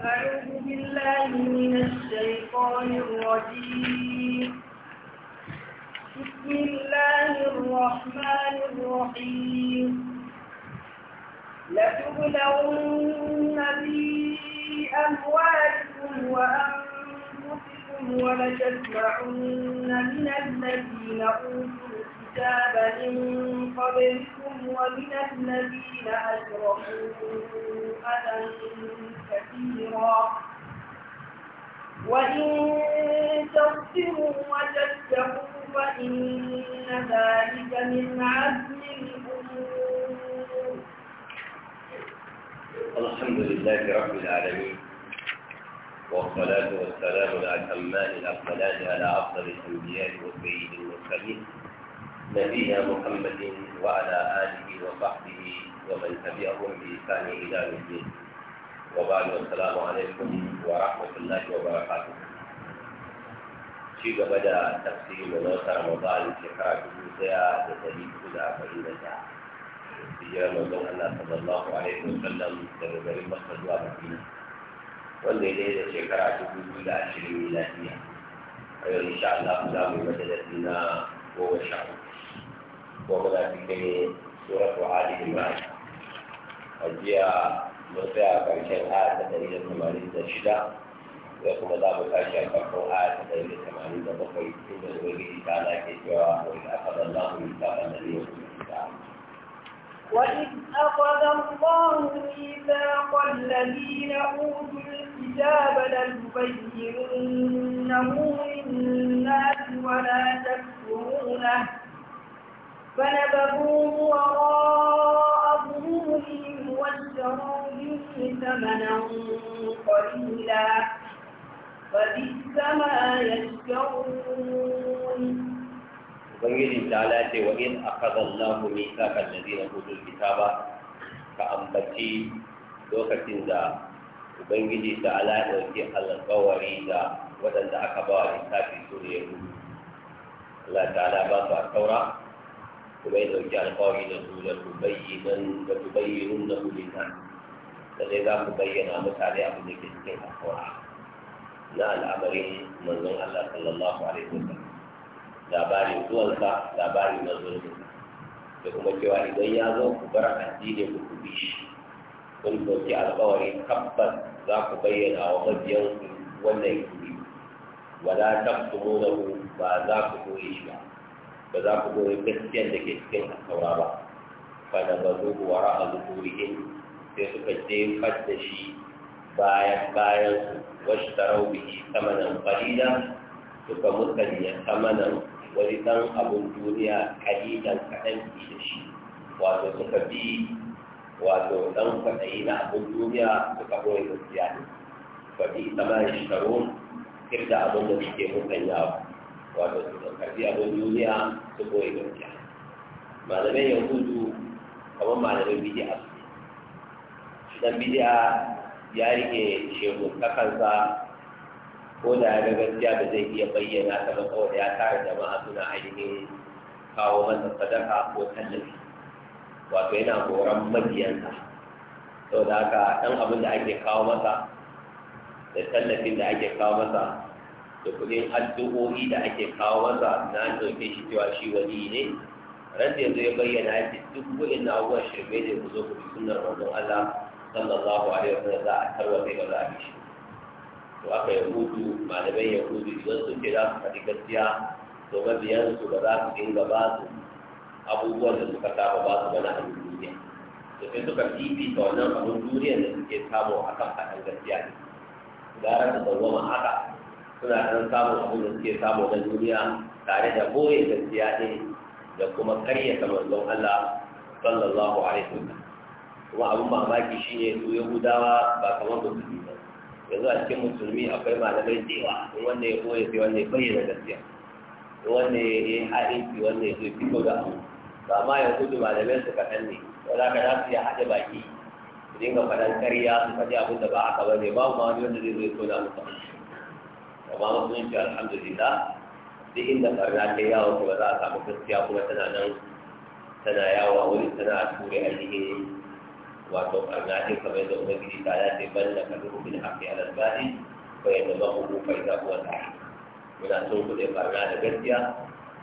أعوذ بالله من الشيطان الرجيم بسم الله الرحمن الرحيم لتبلغن في أموالكم وأنفسكم ولتسمعن من الذين أوتوا الكتاب من قبلكم ومن الذين أشركوا أذى كثيرا وإن تغفروا وتتقوا فإن ذلك من عزم الأمور الحمد لله رب العالمين والصلاة والسلام على الأتمان الأفضلان على أفضل الأنبياء والسيد المرسلين نبينا محمد وعلى آله وصحبه ومن تبعهم بإحسان إلى يوم الدين وبعد السلام عليكم ورحمة الله وبركاته شيء بدأ تفسير نص رمضان في حركة موسيا لتجيب كل أفعال في يوم من أن صلى الله عليه وسلم تبدأ المصر دعا بكينا والليلة في حركة موسيا لأشري ميلادية أيضا أيوة، إن شاء الله قد أمي مجلتنا هو الشعب ومنا في كني سورة عالي المعيشة الجياء وفي أفعال آية تدريد ثمانين دشدة ويقوم ذا بكاشي أفعال آية تدريد ثمانين دبقي إن الوجيه تعالى كتوى وإن أخذ الله ميثاق النبي وإذ أخذ الله ميثاق الذين أوتوا الكتاب لتبيننه للناس ولا تكفرونه فنبذوه وراء ظهورهم واشتروا ثمنا قليلا فبئس ما يشكرون وبين تعالى وإن أخذ الله ميثاق الذين أوتوا الكتاب كأنبتي دوكا تنزا وبين تعالى وفي القواري ذا ودن ذا أكبر سوريا الله تعالى بعض التوراة وبين وجه القواري ذا سورة وتبينونه للناس da za ku bayyana mutane abin da ke cikin alƙur'ani na al'amarin manzon Allah sallallahu alaihi wa wasallam labarin zuwansa labarin manzon da kuma cewa idan ya zo ku bar addini ku kubi bi shi kun ɗauki alƙawari tabbas za ku bayyana wa ku wannan kuri wala lahu ba za ku koyi shi ba ba za ku koyi gaskiyar da ke cikin alƙawara ba fa da bazuhu wara'a zuhurihim sai suka jefar da shi bayan bayan su wasu tarau bihi samanan kalila suka musanya samanan wani ɗan abun duniya kalilan kaɗan fi da shi wato suka bi wato ɗan kwaɗayi na abun duniya suka ɓoye siya ne ba bi shi shekaru kirda abun da suke musanyawa wato suka karbi abun duniya su ɓoye gaskiya malamai yahudu kamar malamai bidi'a dan bid'a ya rike shehu kakansa ko da ya ga gaskiya ba zai iya bayyana ta ba saboda ya tara jama'a suna ainihin kawo masa sadaka ko tallafi wato yana goron mabiyansa saboda haka ɗan abin da ake kawo masa da tallafin da ake kawo masa da kudin addu'o'i da ake kawo masa na ɗauke shi cewa shi wani ne ran da yanzu ya bayyana ya ce duk wa'in na abubuwan shirme ne ya zo ku bi sunnar manzon Allah sallallahu alaihi wasallam za a tarwatsa ba za a bishi to aka malamai ya yahudu idan sun ce za su faɗi gaskiya to su ba za su dinga ba su abubuwan da suka saba ba su mana a duniya to sai suka fifi ta wannan abin duniya da suke samu a kan faɗin gaskiya ne gara da dawwama haka suna ɗan samun abin da suke samu na duniya tare da boye gaskiya ne da kuma karyata manzon Allah sallallahu alaihi wasallam kuma abin mamaki shi ne su yahudawa ba kamar musulmi ba yanzu a cikin musulmi akwai malamai da yawa in wanda ya koya sai wanda ya bayyana gaskiya in wanda ya yi haɗinci wanda ya zai fito da abu ba ma ya gudu malamai su kaɗan ne wanda ka za su ya haɗe baki su dinga faɗan karya su faɗi abin da ba a ba ne ba ma wani wanda zai zo ya zai tona musu amma musulunci alhamdulillah duk inda ɓarna ta yawo ba za a samu gaskiya kuma tana nan tana yawo a wuri tana ture ainihin wato karna ce kamar da ubangiji ta ya ce balla ka duhu a haqqi ala al batil fa yadbahu fa idha huwa sahih muna so ku dai karna da gaskiya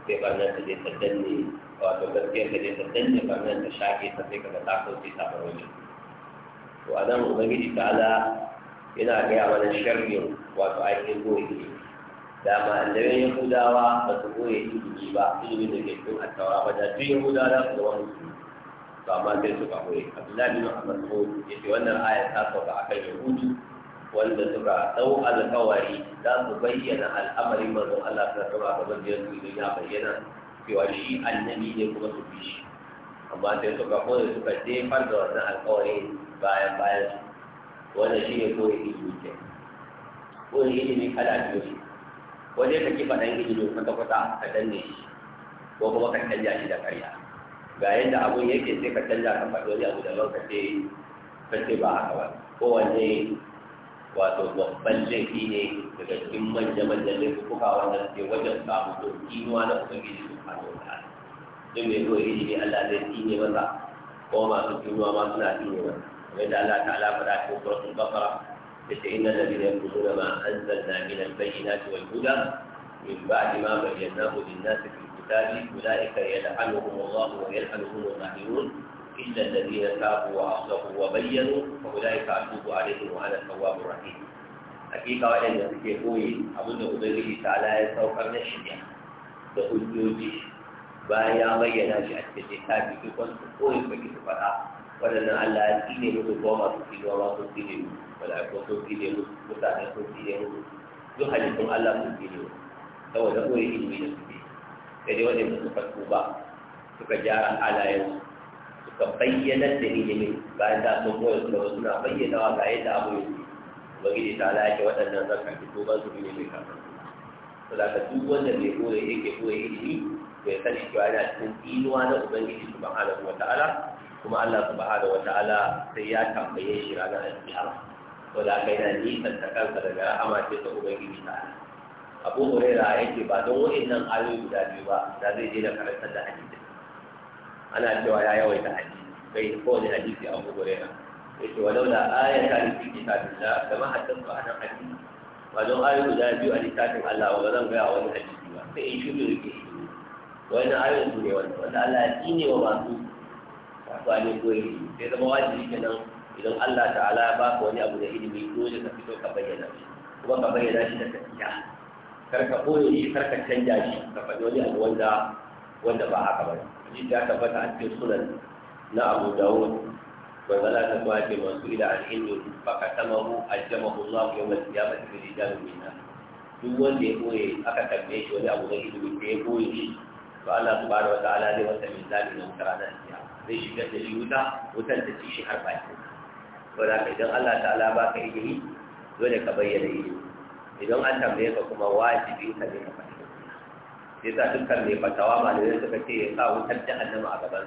sai karna ta je ta danne wato gaskiya ta je ta danne karna ta shaƙe ta sai kaga ta kauce ta bar wajen to a nan ubangiji ta ala yana gaya mana sharhin wato ainihin goyi da ma'andarin yahudawa ba su goye ilimi ba ilimin da ke cikin attawa ba da duk yahudawa za su zama musulmi to amma sai suka koyi abdullahi bin ya ce wannan aya ta sauka akan yahudu wanda suka dau alkawari za su bayyana al'amarin manzon Allah ta tsara gaban da yanzu idan ya bayyana cewa shi annabi ne kuma su bi shi amma sai suka koyi suka jefar da wannan alkawari bayan bayan wanda shi ne koyi ilimi ke koyi ilimi kala biyu ne wajen ka kifa ɗan ilimi kwata-kwata ka danne shi ko kuma ka canja shi da karya ga yadda abun yake sai ka canza ka faɗi wani abu daban ka ce ba haka ba kowanne wato babban laifi ne daga cikin manya-manyan laifuka wannan ke wajen samu to kinuwa na ubangiji su faɗo da ala don mai zuwa ilimi allah zai tsine masa ko masu kinuwa ma suna tsine masa kamar yadda allah ta ala faɗa cikin suratul bakara yace inna alladhina yaquluna ma zanna min al-bayyinati wal huda min ba'di ma bayyanahu lin-nasi fi الثاني أولئك يلعنهم الله ويلعنهم الماهرون إلا الذين تابوا وأصلحوا وبينوا فأولئك أتوب عليهم وأنا التواب الرحيم حقيقة وأنا نسيت قوي أظن أبيه تعالى يتوقع من الشريعة تقول جوجي بايا بينا شيء الكتاب يكون قوي فكي تفرع ولنا على الدين مدوما تسير وما تسير ولا يكون تسير مستعد تسير يحلكم الله تسير فهو ده قوي إلمي نسيت sai wanda suka tuba suka gyara halayen suka bayyana da ilimin bayan da sun koya su da wasu na bayyana wa ga yadda abu yake ubangiji ta ala yake waɗannan zan karɓi ba su ne mai karɓar su da ka duk wanda mai koya yake koya ilimi to ya sani cewa yana cikin tsinuwa na ubangiji subhanahu wa ta'ala kuma Allah subhanahu wa ta'ala sai ya tambaye shi ranar alƙiyama to da ka yana nisan ta kansa daga rahama ce ta ubangiji ta'ala abu huraira yake ba don nan ayoyi guda biyu ba da zai je da karantar da hadisi ana cewa ya yawaita hadisi bai ko kowane hadisi abu huraira yake walau da aya ta rufi kitabullah da ma haddan ba nan hadisi ba don ayoyi guda biyu a littafin Allah ba zan gaya wani hadisi ba sai in shiru yake shi wani ayoyin su ne wani wanda Allah ya ne wa masu kasuwanni koyi sai zama wajibi kenan idan Allah ta'ala ya baka wani abu da ilimi dole ka fito ka bayyana shi kuma ka bayyana shi da gaskiya karka koyo shi karka canja shi ka faɗi wani abu wanda wanda ba haka ba shi ta tabbata a cikin sunan na abu dawud wanda la ta kwace masu ila al'indu ba ka tamahu aljamahu allah yau mai kiyamata da rijalun minna duk wanda ya koye aka tambaye shi wani abu na ilimi da ya koye shi to allah subhanahu wata ala zai wata min zaɓi na wutar ranar kiyama zai shigar da shi wuta wutar ta ci shi har baki wanda idan allah ta'ala ba ka ilimi dole ka bayyana ilimi idan an tambaye ka kuma wajibi ka ne ka fata sai sa dukkan mai fatawa malamai suka ce ya sa wutar jahannama a gaban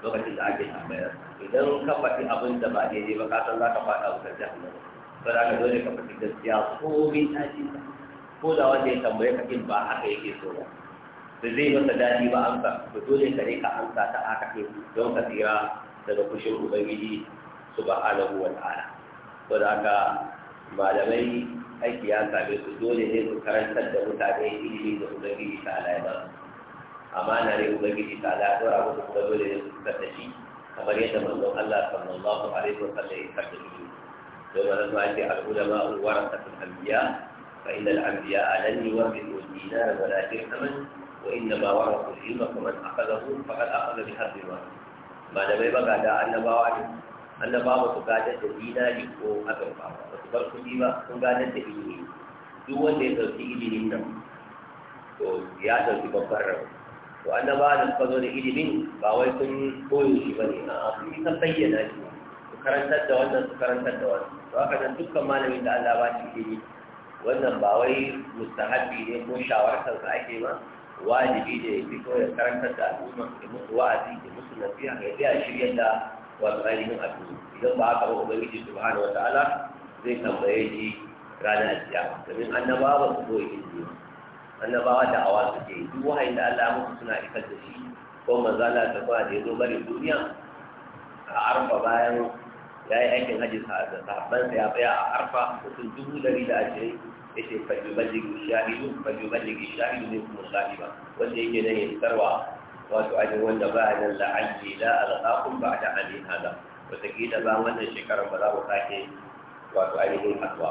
lokacin da ake tambayar idan ka faɗi abin da ba daidai ba ka san za ka faɗa wutar jahannama ba da ka dole ka faɗi gaskiya ko mai tashi ko da wanda ya tambaye ka in ba haka yake so ba da zai masa daɗi ba amsa to dole ka ne ka amsa ta haka ɗin don ka tsira daga kushin ubangiji subhanahu wa ta'ala ko da ka malamai aiki ya same su dole ne su karantar da mutane ilimi da ubangiji ta ala ba Amma na ne ubangiji ta ala dora musu kuma dole ne su fitar da shi kamar yadda manzon Allah sallallahu alaihi wa sallam ya karɓi shi don wani ma ce al'ulama warasatul anbiya fa inna al-anbiya alani wa bi dinar wa la dirhaman wa inna ma warasul ilma faman akhadahu faqad akhadha bi hadhihi malamai da annabawa ne Allah ba su gadar da dinari ko azurfa ba su bar kuɗi ba sun gadar da ilimi duk wanda ya ɗauki ilimin nan to ya ɗauki babbar rawa to annaba da suka zo da ilimin ba wai sun koyo shi ba ne a'a sun yi san bayyana shi su karantar da wannan su karantar da wannan to haka nan dukkan malamin da Allah ba shi ilimi wannan ba wai mustahabi ne ko sa ake ba wajibi da ya fito ya karantar da al'umma ya musu wa'azi ya musu nasiha ya biya shirya da wato ainihin abin idan ba haka ba ubangiji subhanahu wa ta'ala zai tambaye shi ranar kiyama domin annabawa ba su zo izini annabawa da awa suke yi duk wahayin da Allah musu suna isar da shi ko manzala ta kuma da ya zo bari duniya a arfa bayan ya yi aikin hajji da sahabbansa ya tsaya a arfa mutum dubu dari da ashirin ya ce fajuballigi shahidu fajuballigi shahidu ne kuma sahiba wanda yake nan ya fitarwa wato ajin wanda ba a nan la'alli la alƙaƙun ba a da hali hada wataƙila ba wannan shekarar ba za mu sake wato ainihin haɗuwa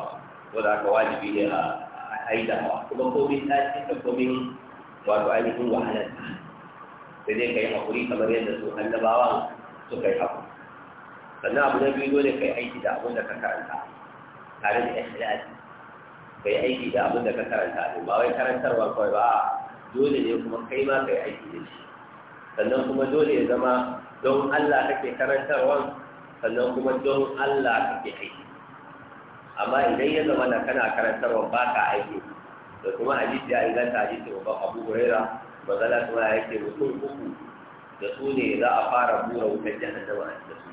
ko da aka wajibi ne a haidawa kuma komai ta tashi da komin wato ainihin wahalar ta sai dai ka yi haƙuri kamar yadda su annabawan suka yi haƙuri sannan abu na biyu dole ka yi aiki da abin da ka karanta tare da ikhlasi ka yi aiki da abin da ka karanta ba wai karantarwa kawai ba dole ne kuma kai ma ka yi aiki da shi sannan kuma dole ya zama don Allah kake karantarwa sannan kuma don Allah kake aiki amma idan ya zama da kana karantarwa ba ka aiki da kuma hadisi ya inganta hadisi ba Abu ba za ta kuma ya yake mutum uku da su ne za a fara bura wutar jahannama da su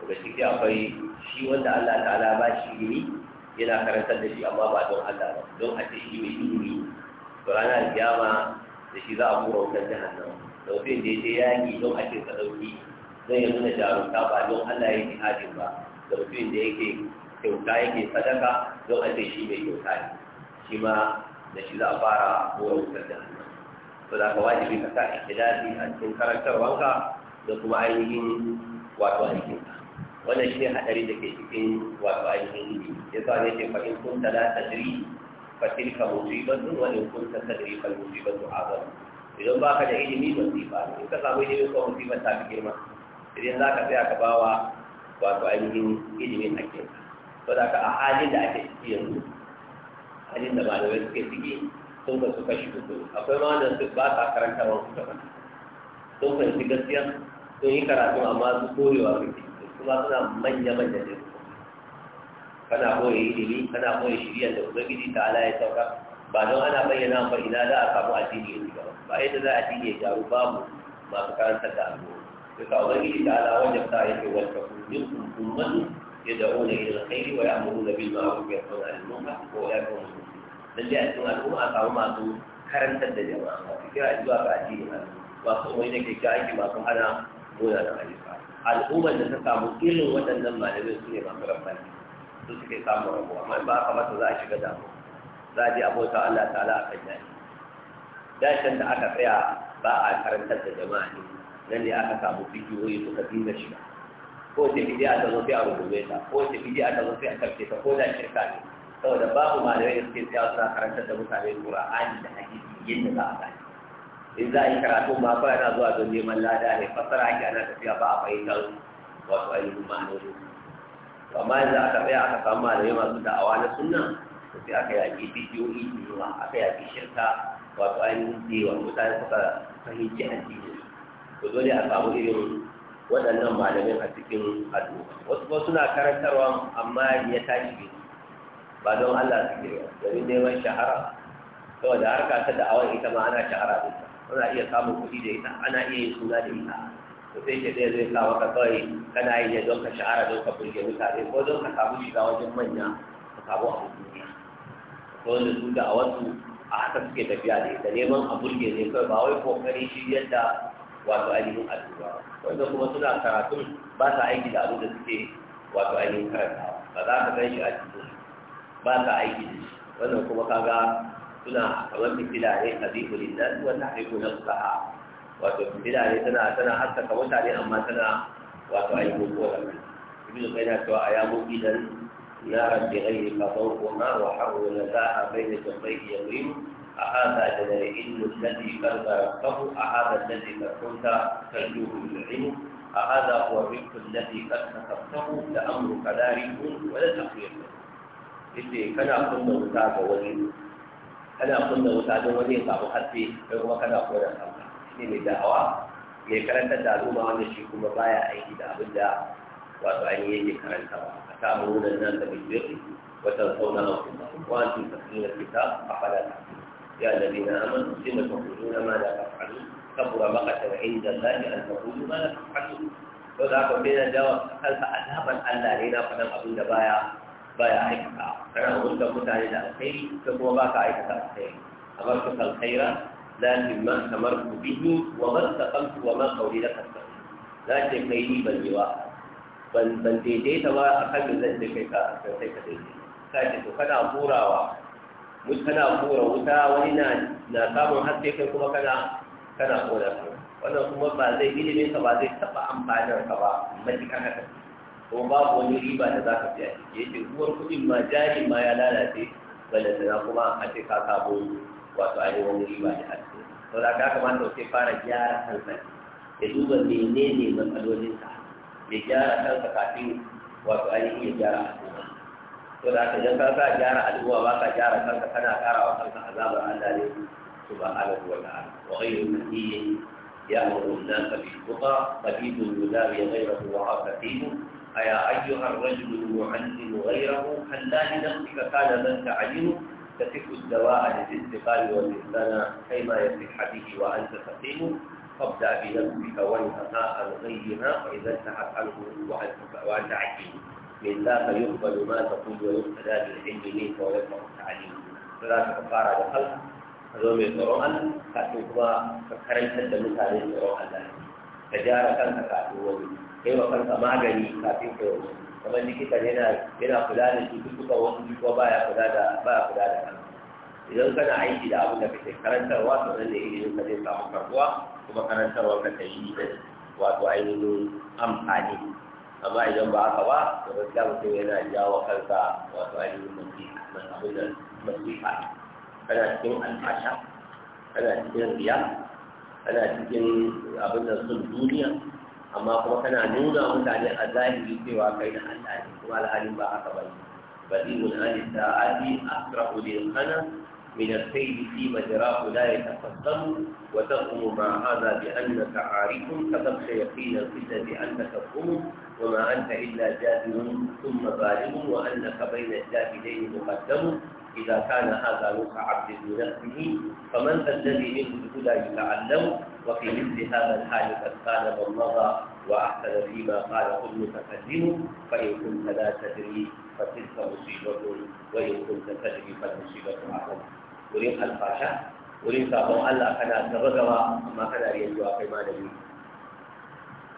daga ciki akwai shi wanda Allah ta'ala ba shi ilimi yana karantar da shi amma ba don Allah ba don a ce shi mai ilimi to ranar kiyama da shi za a bura wutar jahannama tausayin da ya je yaƙi don ake ɗauki zai yi nuna jarumta ba don Allah ya yi hajin ba tausayin da yake kyauta yake sadaka don ake shi mai kyauta ne shi ma da shi za a fara kowa wutar da hannu to da ka wajibi ka sa ikhlasi a cikin karantarwanka da kuma ainihin wato ka wannan shi ne haɗari da ke cikin wato ainihin ilimi ya sa ne ce fa'in kun ta la tajri fa tilka musibatun wa in kun ta tajri fa a azam idan ba ka da ilimi masifa in ka samu ilimi ko masifa ta fi girma idan za ka tsaya ka bawa wato ainihin ilimin hakkin ba da ka a halin da ake ciki yanzu halin da malamai suke ciki sun ka suka shi uku akwai ma wanda su ba sa karanta wa suka ba sun fahimci gaskiya sun yi karatu amma su korewa suke kuma suna manya-manya ne kana koya ilimi kana koya shirya da ubangiji ta ala ya sauka ba don ana bayyana ba ina za a samu addini ya ci gaba ba yadda za a dinga ya gyaru babu masu karantar da al'umma duka ubangiji ta ala da ta yake wata kullum kullum ya da da'una ila alkhairi wa ya'muruna bil ma'ruf wa yanhauna 'anil munkar wa ulaika hum dan dai a cikin al'umma a samu masu karantar da jama'a masu kira zuwa ga addinin al'umma masu umarni da ke kira aiki masu hana gona da ayyuka al'ummar da ta samu irin waɗannan malamai su ne masu rabbani su suke samun rabuwa amma ba a kamata za a shiga damuwa. za a ji abota Allah ta'ala a kan yaki dashen da aka tsaya ba a karantar da jama'a ne nan ne aka samu bidiyoyi suka dinga shiga ko ta fidi a tazo sai a rubuce ta ko ta fidi a tazo sai a karfe ta ko da shirka ne saboda babu malamai da suke tsaya suna karantar da mutane qur'ani da hadisi yadda za a gani in za a yi karatu ma kawai yana zuwa don neman lada ne fassara ake ana tafiya ba a fahimtar wato ainihin ma'anoni amma yanzu aka tsaya aka samu malamai masu da'awa na sunna sai aka yaƙi bidiyoyi da yawa aka yaƙi shirka wato ainihin cewa mutane suka fahimci addini to dole a samu irin waɗannan malamin a cikin al'umma wasu kuma suna karantarwa amma ya tashi ba don Allah su ke domin neman shahara da harka ta da'awar ita ma ana shahara da ana iya samun kuɗi da ita ana iya yin suna da ita to sai ke zai zai kawo ka kawai kana yi ne don ka shahara don ka burge mutane ko don ka samu shiga wajen manya ka samu abu duniya ko da su da a wasu a haka suke tafiya da ita neman abun burge ne kawai ba wai kokari shi yadda wato ainihin addu'a wanda kuma suna karatun ba sa aiki da abin da suke wato ainihin karantawa ba za ka gan shi a cikin ba sa aiki da shi wannan kuma kaga suna kamar fitila ne habibu lillahi wa tahribu nafsaha wato fitila ne tana tana haskaka mutane amma tana wato ainihin kowa da kai na cewa a ya mu idan نارا بغير فضوءها وحول باء بين جنبيه يمين أهذا العلم الذي بلغ ربه أهذا الذي قد كنت ترجوه العلم أهذا هو الرفق الذي قد كتبته لأمرك لا رفق ولا تخير إذا كان كل وتاب ولي كان كل وتاب ولي صاحب حتى هو كان أقول الحمد شنو الدعوة mai karantar da al'umma wanda shi kuma baya aiki da abin da wato ainihin yake karantarwa تأمرون الناس بالبر وتنسون أنفسكم وأنتم تتلون الكتاب أفلا تعقلون يا الذين آمنوا لم تقولون ما لا تفعلون كبر مقتا عند الله أن تقولوا ما لا تفعلون وذاك بين الجواب هل فأذهبا ألا لنا فلم أقول بايا بايا عيكتا أنا قلت متعلن الخير كما باك عيكتا الخير أمرتك الخير لكن ما أمرت به وما استقمت وما قولي لك الخير لكن خيري بل جواب ban daidaita ba a kan da zan kai ka kai ka daidai ka ce to kana burawa mutu kana bura wuta wani na na samun haske kai kuma kana kana kora su wannan kuma ba zai ilimin ka ba zai taba amfanar ka ba matuƙar haka ko babu wani riba da za ka fiya ya ce uwar kuɗin ma jari ma ya lalace da kuma a ce ka sabo wato ainihin wani riba da haske to da ka kamata sai fara gyara kansa ya duba menene ka. ya gyara kansa kafin wato ainihin ya gyara al'umma to da haka idan ka ka gyara al'umma ba ka gyara kanka kana kara wa kanka azabar Allah ne subhanahu wa ta'ala wa ghayru nabiyyi يأمر الناس بالتقى قليل يداوي غيره وهو كثير أيا أيها الرجل المعلم غيره هل لا لنفسك كان من تعلمه تفك الدواء للاستقال والإنسان كيما يصح به وأنت سقيم فابدأ بنفسك وانهها عن غيرها فإذا انتهت عنه وأنت حكيم من ذاك يقبل ما تقول ويقتدى بالعلم منك ويرفع التعليم فلا تقار لخلق هذول من تروى أن كاتبوا فكرنت المثال تروى أن تجارة كانت كاتبوا كيف كانت معجني كاتبوا kamar likitan yana yana kula da cututtukan wasu duk baya kula da baya kula da kansa idan kana aiki da abin da kake karantarwa to nan ne ilimin ka zai samu karbuwa kuma karantarwa ka ta yi ita wato ainihin amfani amma idan ba haka ba da gaskiya mutum yana jawo kansa wato ainihin masifa kana cikin alfasha kana cikin riya kana cikin abin da sun duniya amma kuma kana nuna mutane a zahiri cewa kai da Allah ne kuma alhalin ba haka ba ne bali mun alisa ali asrahu lil qana من السيل في مجراه لا يتقدم وتقوم مع هذا بأنك عارف فتبقى يقين القدة بأنك قوم وما أنت إلا جاهل ثم ظالم وأنك بين الجاهلين مقدم إذا كان هذا نوح عبد بنفسه فمن الذي منه لا يتعلم وفي مثل هذا الحال قد قال من مضى وأحسن فيما قال قل متقدم فإن كنت لا تدري فتلك مصيبة وإن كنت تدري فالمصيبة أعظم wurin alfasha wurin sabon Allah kana gaba gaba amma kana iya zuwa kai malami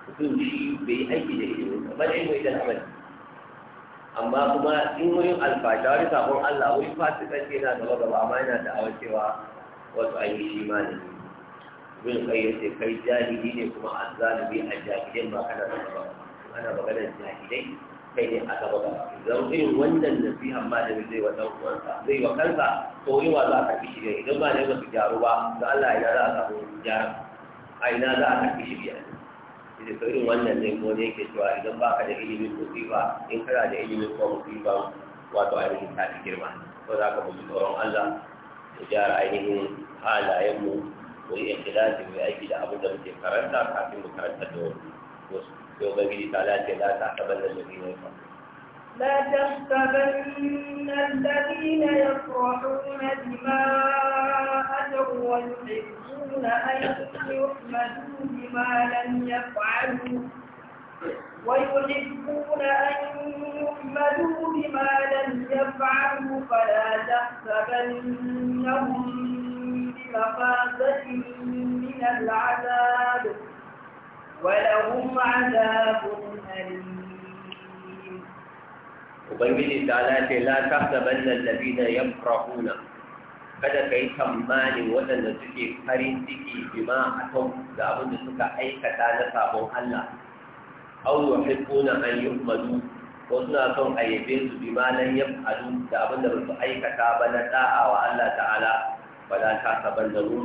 mutum shi bai aiki da ilimin kamar ilimin da amal amma kuma in wurin alfasha wurin sabon Allah wurin fasikanci yana gaba gaba amma yana da awar cewa wasu an yi shi malami bin ya ce kai jahili ne kuma zalibi a jahilin ba kana da gaba ana maganar jahilai kai ne aka gaba zan irin wannan nasiha ma da zai wa dan uwansa zai wa kansa to yi wa za ka fi shirya idan ba ne ba su gyaru ba ga Allah ya za a samu gyara a ina za a karfi shirya ne da irin wannan ne ko ne yake cewa idan ka da ilimin musiba in kana da ilimin ko musiba wato ainihin ta fi girma ko za ka mutu tsoron Allah mu gyara ainihin halayenmu mu yi ikhlasi mu yi aiki da abin da muke karanta kafin mu karanta da wasu يوم بيجي تعالى لا تحسبن الذين يفرحون لا تحسبن الذين يفرحون بما أتوا ويحبون أن يحمدوا بما لم يفعلوا ويحبون أن يحمدوا بما لم يفعلوا فلا تحسبنهم بمفازة من العذاب ولهم عذاب أليم وبيبني تعالى لا تحسبن الذين يفرحون kada ka yi tamani waɗanda suke farin ciki bima a tau da abin da suka aikata na sabon Allah au wa hibbuna an yuhmadu ko suna son a yabe su bima lan yaf'alu da abin da ba su aikata ba na da'a wa Allah ta'ala za ta sabannaru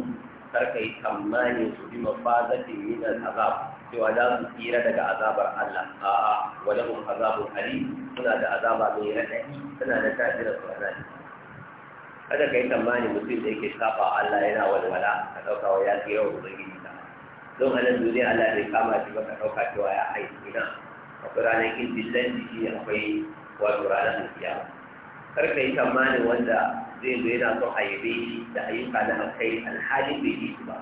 karka yi tsammani su bi mafazatin min azab, cewa za su tsira daga azabar Allah a'a wajen hum azabun alim suna da azaba mai radadi suna da tafiyar su anan kada yi tsammani mutum da yake saba Allah yana walwala ka dauka wa ya tsira wa ubangiji ta don halin duniya Allah bai kama shi ba ka ɗauka cewa ya aiki ina akwai ranar kin dillan jiki akwai wato ranar kiyama karka yi tsammani wanda zai zo yana son ayyabe da ayyuka na alkai alhalin bai yi su ba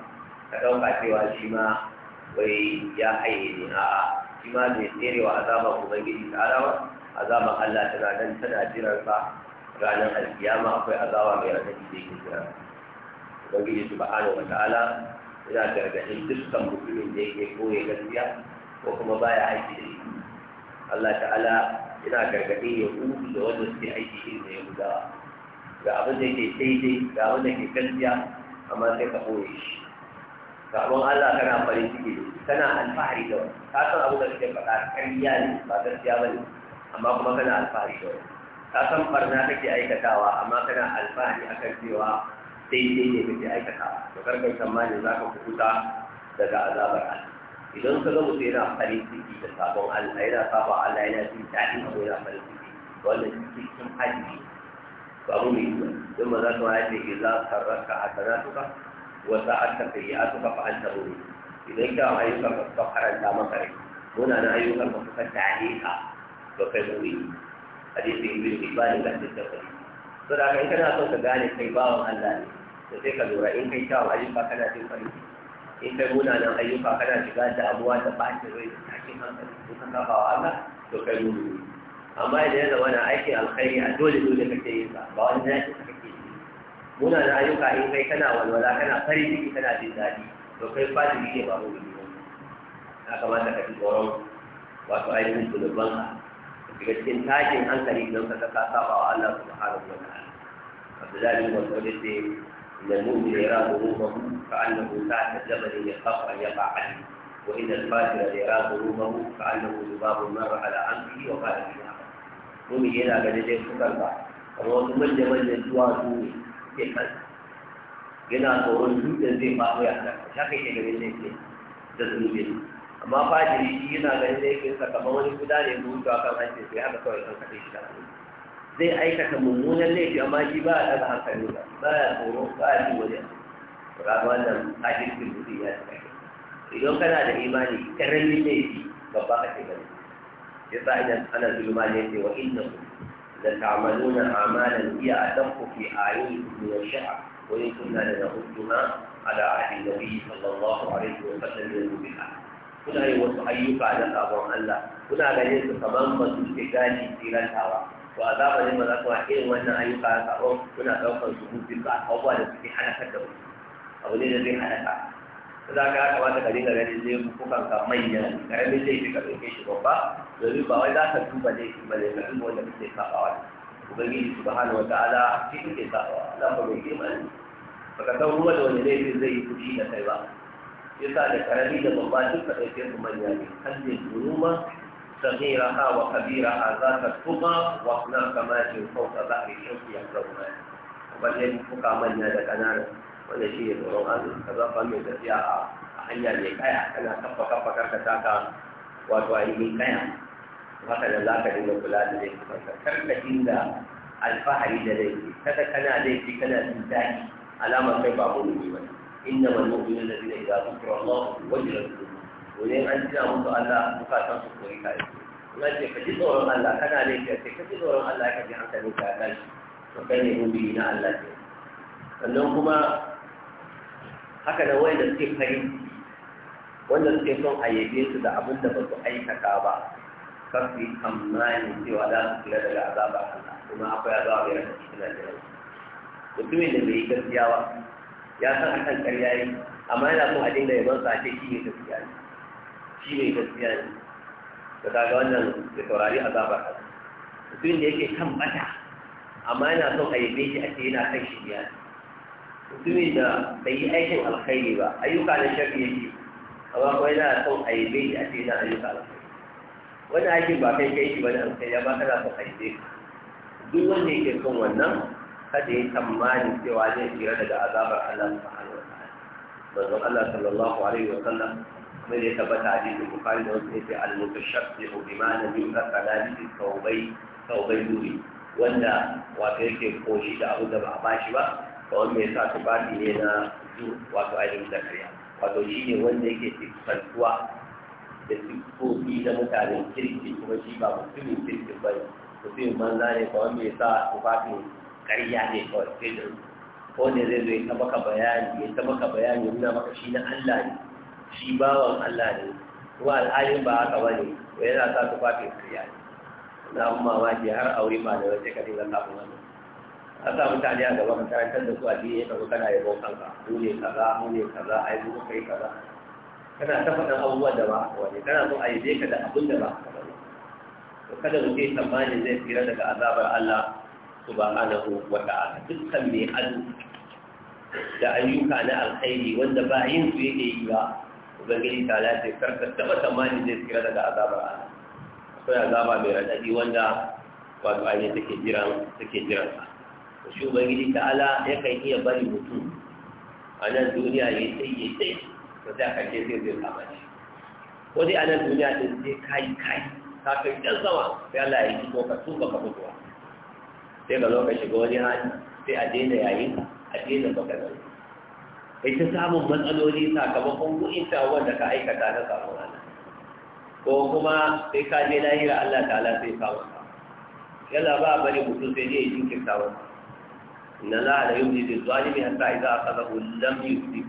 ka ɗauka cewa shi ma wai ya haye a shi ma zai tserewa azaban ubangiji ta alawa azaban allah tana dan tana jiran sa ranar alkiyama akwai azaba mai radadi da yake jira ubangiji subhanahu wa ta'ala yana gargaɗin dukkan mutumin da yake koye gaskiya ko kuma baya aiki da shi Allah ta'ala yana gargaɗin ya da wanda suke aiki irin da ya gudawa ga abin da yake daidai ga abin da ke gaskiya amma sai ka ɓoye shi abin Allah kana farin ciki da kana alfahari da wani ka san abin da kake faɗa ƙarya ne ba gaskiya ba ne amma kuma kana alfahari da wani ka san barna kake aikatawa amma kana alfahari akan cewa daidai ne kake aikatawa to karkai tsammani za ka kuta daga azabar Allah idan ka ga mutum yana farin ciki da sabon Allah yana saba Allah yana jin daɗin abu yana farin ciki wannan cikin hajji ba abu mai yiwuwa don maza ta wayar da iza sarraka a sanatuka wata an ta kai a tuka fa an ta rumi idan kyawun ayyukan ba su karanta maka rai muna na ayyukan ba su ka tare ka ba kai rumi hadisin ibn ibani ga cikin hadisi to da kai kana son ka gane kai bawan Allah ne to sai ka lura in kai ayyuka kana jin in kai munanan ayyuka kana shiga damuwa da bacin da tashin hankali ko ka kafa amma idan ya zama na aikin alkhairi a dole dole kake yin ba ba wani zaki kake yi muna da ayyuka in kai kana walwala kana farin ciki kana jin daɗi to kai fadili ne ba mu ne Na kamata ka ci tsoron wato ainihin zunubanka daga cikin takin hankali don ka saka saba wa Allah subhanahu wa ta'ala Abdullahi bin Mas'ud yace inna al-mu'min yara dhunubahu ka'annahu ta'ata jabalin yakhafu an yaqa wa inna al-fajira yara dhunubahu ka'annahu dhubabu marra ala anfihi wa qala bihi mumi yana ga daidai kusan ba kamar wasu manya-manyan duwatsu ne ke kan yana tsoron dutsen zai ba faɗo ya hana shi haka yake ganin laifi da zunubin amma fajiri shi yana ganin laifin sa kamar wani guda ne mu mutuwa kan hanci sai haka kawai kan kaɗai shi da hannu zai aikata mummunan laifi amma shi ba a ɗaga hankali ba ba ya tsoro ba a ji wajen raga wannan fajirkin mutum ya ta idan kana da imani ƙaramin laifi babba ka ce gani yasa idan ana zulma ne ce wa inna da ta'maluna amalan iya adafu fi ayyukum min ash-shahr wa in kunna la nahudduha ala ahli nabi sallallahu alaihi wa sallam yawm biha kuna yi wasu ayyuka da sabon Allah kuna ganin su kaman ba su ke gani tirantawa to azaba ne ba za ku irin wannan ayyuka kuna daukar da da abu ne da zai halaka za ka haka wata ka dinga ganin laifin kukan ka manya karamin laifi ka ɗauke shi babba domin ba wai za ka duba laifi ba ne ka duba wanda kake sabawa ne ubangiji subhanahu wa ta'ala shi kake sabawa Allah ba mai girma ne baka san kuma da wani laifin zai yi kuɗi da kai ba yasa da karami da babba duk ka ɗauke su manya ne kalle duruma صغيرها وكبيرها ذات الثقة واصنع كما في فوق ظهر الشوك يحذرنا وبل ينفق من da كنارا wanda shi ne tsoron azumi ka zafa mai tafiya a hanya mai kaya kana kafa kafa taka wato a yi kaya haka da za ka dinga kula da zai kusa karka dinga alfahari da zai kada kana zai fi kana jin daɗi alamar kai ba mu ne ba inna man mu'minu alladhina idza dhukira Allah wajilat qulubuhum Wani an tira musu Allah bukatan su koyi kai kuma ce ka ji tsoron Allah kana ne ka ka ji tsoron Allah ka ji hankalin ka tashi to kai ne na Allah ne sannan kuma haka da wanda suke fari wanda suke son a yabe su da abin da ba su aikata ba kar su yi tsammanin cewa za su kula daga azabar Allah kuma akwai azaba mai na cikin aljanna mutumin da bai yi gaskiya ba ya san akan karya yi amma yana son a dinga yaban sa ce shi ne gaskiya ne shi ne gaskiya ne da kaga wannan da saurari azabar Allah mutumin da yake kan bata amma yana son a yabe shi a ce yana kan shi ne mutumin da bai yi aikin alkhairi ba ayyuka na sharri yake amma kuma yana son a yi bai a ce na ayyuka alkhairi wani aikin ba kai kai shi ba da alkhairi ba kana son a yi bai duk wanda yake son wannan kada ya tsammanin cewa zai tsira daga azabar Allah subhanahu wa ta'ala manzon Allah sallallahu alaihi wa sallam kamar ya tabbata hadisin bukhari da wasu yace al-mutashaffihu bima lam yukaffa bi tawbai duri wanda wata yake koshi da abu da ba a bashi ba da wanda ya sa tufafi ne na wato ainihin zakariya wato shi ne wanda yake fuskantuwa da siffofi na mutanen kirki kuma shi ba mutumin kirki ba ne mutumin banza ne ba wanda ya sa tufafin karya ne kawai sai da ko ne zai zo ya ta maka bayani ya ta maka bayani ya nuna maka shi na Allah ne shi bawan Allah ne kuma al'adun ba haka ba ne yana sa tufafin karya ne na mamaki har aure ba da wace ka dinga samun wannan an sa mutane a gaban makarantar da su a biye ka kana yabon kanka ka. ne kaza mu ne kaza ai mu kai kaza kana ta faɗin abubuwan da ba wani kana so a zai ka da abin da ba ka bari to kada mu ke tsammani zai tsira daga azabar Allah subhanahu wa ta'ala dukkan mai azu da ayyuka na alkhairi wanda ba yin su yake yi ba ubangiji ta lafiya karka taba tsammani zai tsira daga azabar Allah akwai azaba mai radadi wanda wato ainihin take jiran take jiran sa shi ubangiji ya kai iya bari mutum a nan duniya ya yi sai ya sai to sai a karshe sai zai kama shi ko dai a nan duniya din sai kai-kai kafin ɗan sama sai Allah ya yi ko ka tuba ka mutuwa sai ga lokaci ga wani hali sai a daina yayin a daina baka nan kai ta samun matsaloli sakamakon kuɗin kuɗinta wanda ka aikata na samu rana ko kuma sai ka je lahira Allah ta'ala sai kawo ka yalla ba bari mutum sai dai ya jinkirta wani إن الله لا يمضي للظالم حتى إذا أخذه لم يفلت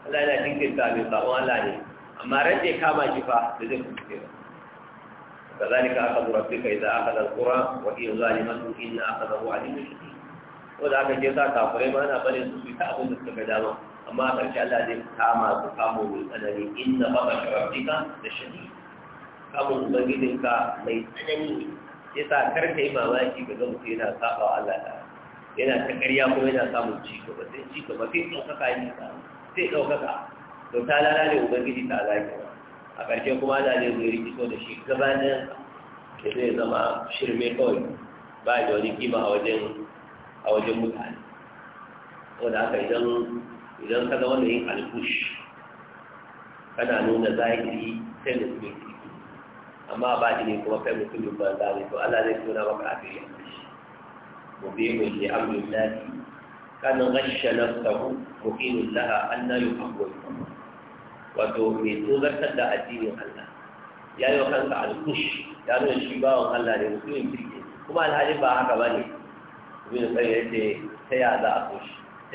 Allah yana jinkirta mai sabon Allah ne amma ran da ya kama shi fa da zai kuskure ba كذلك أخذ ربك إذا أخذ القرى وهي ظالمة إن أخذه عليم شديد وذاك جزا كافر ما أنا بل سبحت أبو مستقدامة أما أخرج الله ذي كاما تقاموا بالأنني إن بطش ربك لشديد kamun ubangijinka mai tsanani ya sa karka yi mamaki ga gamsu yana saba wa Allah ta yana ta ƙarya kuma yana samun ci gaba sai ci gaba sai ɗaukaka yi nisa sai ɗaukaka to ta lalale ubangiji ta zaki a ƙarshe kuma da zai zai rikito da shi gabanin da zai zama shirme kawai ba da wani kima a wajen a wajen mutane wanda haka idan idan ka ga wanda yin alkush kana nuna zahiri sai da suke amma ba ne kuma kai mutumin ba zai to Allah zai tona maka a fiye shi مبيع لأمر الله كان غش نفسه مقيم لها أن يحول وتؤمن تذكر الدين الله ya yi wa kansa alkush ya nuna shi Allah ne mutumin kirki kuma alhali ba haka ba ne ibn ta ya a ta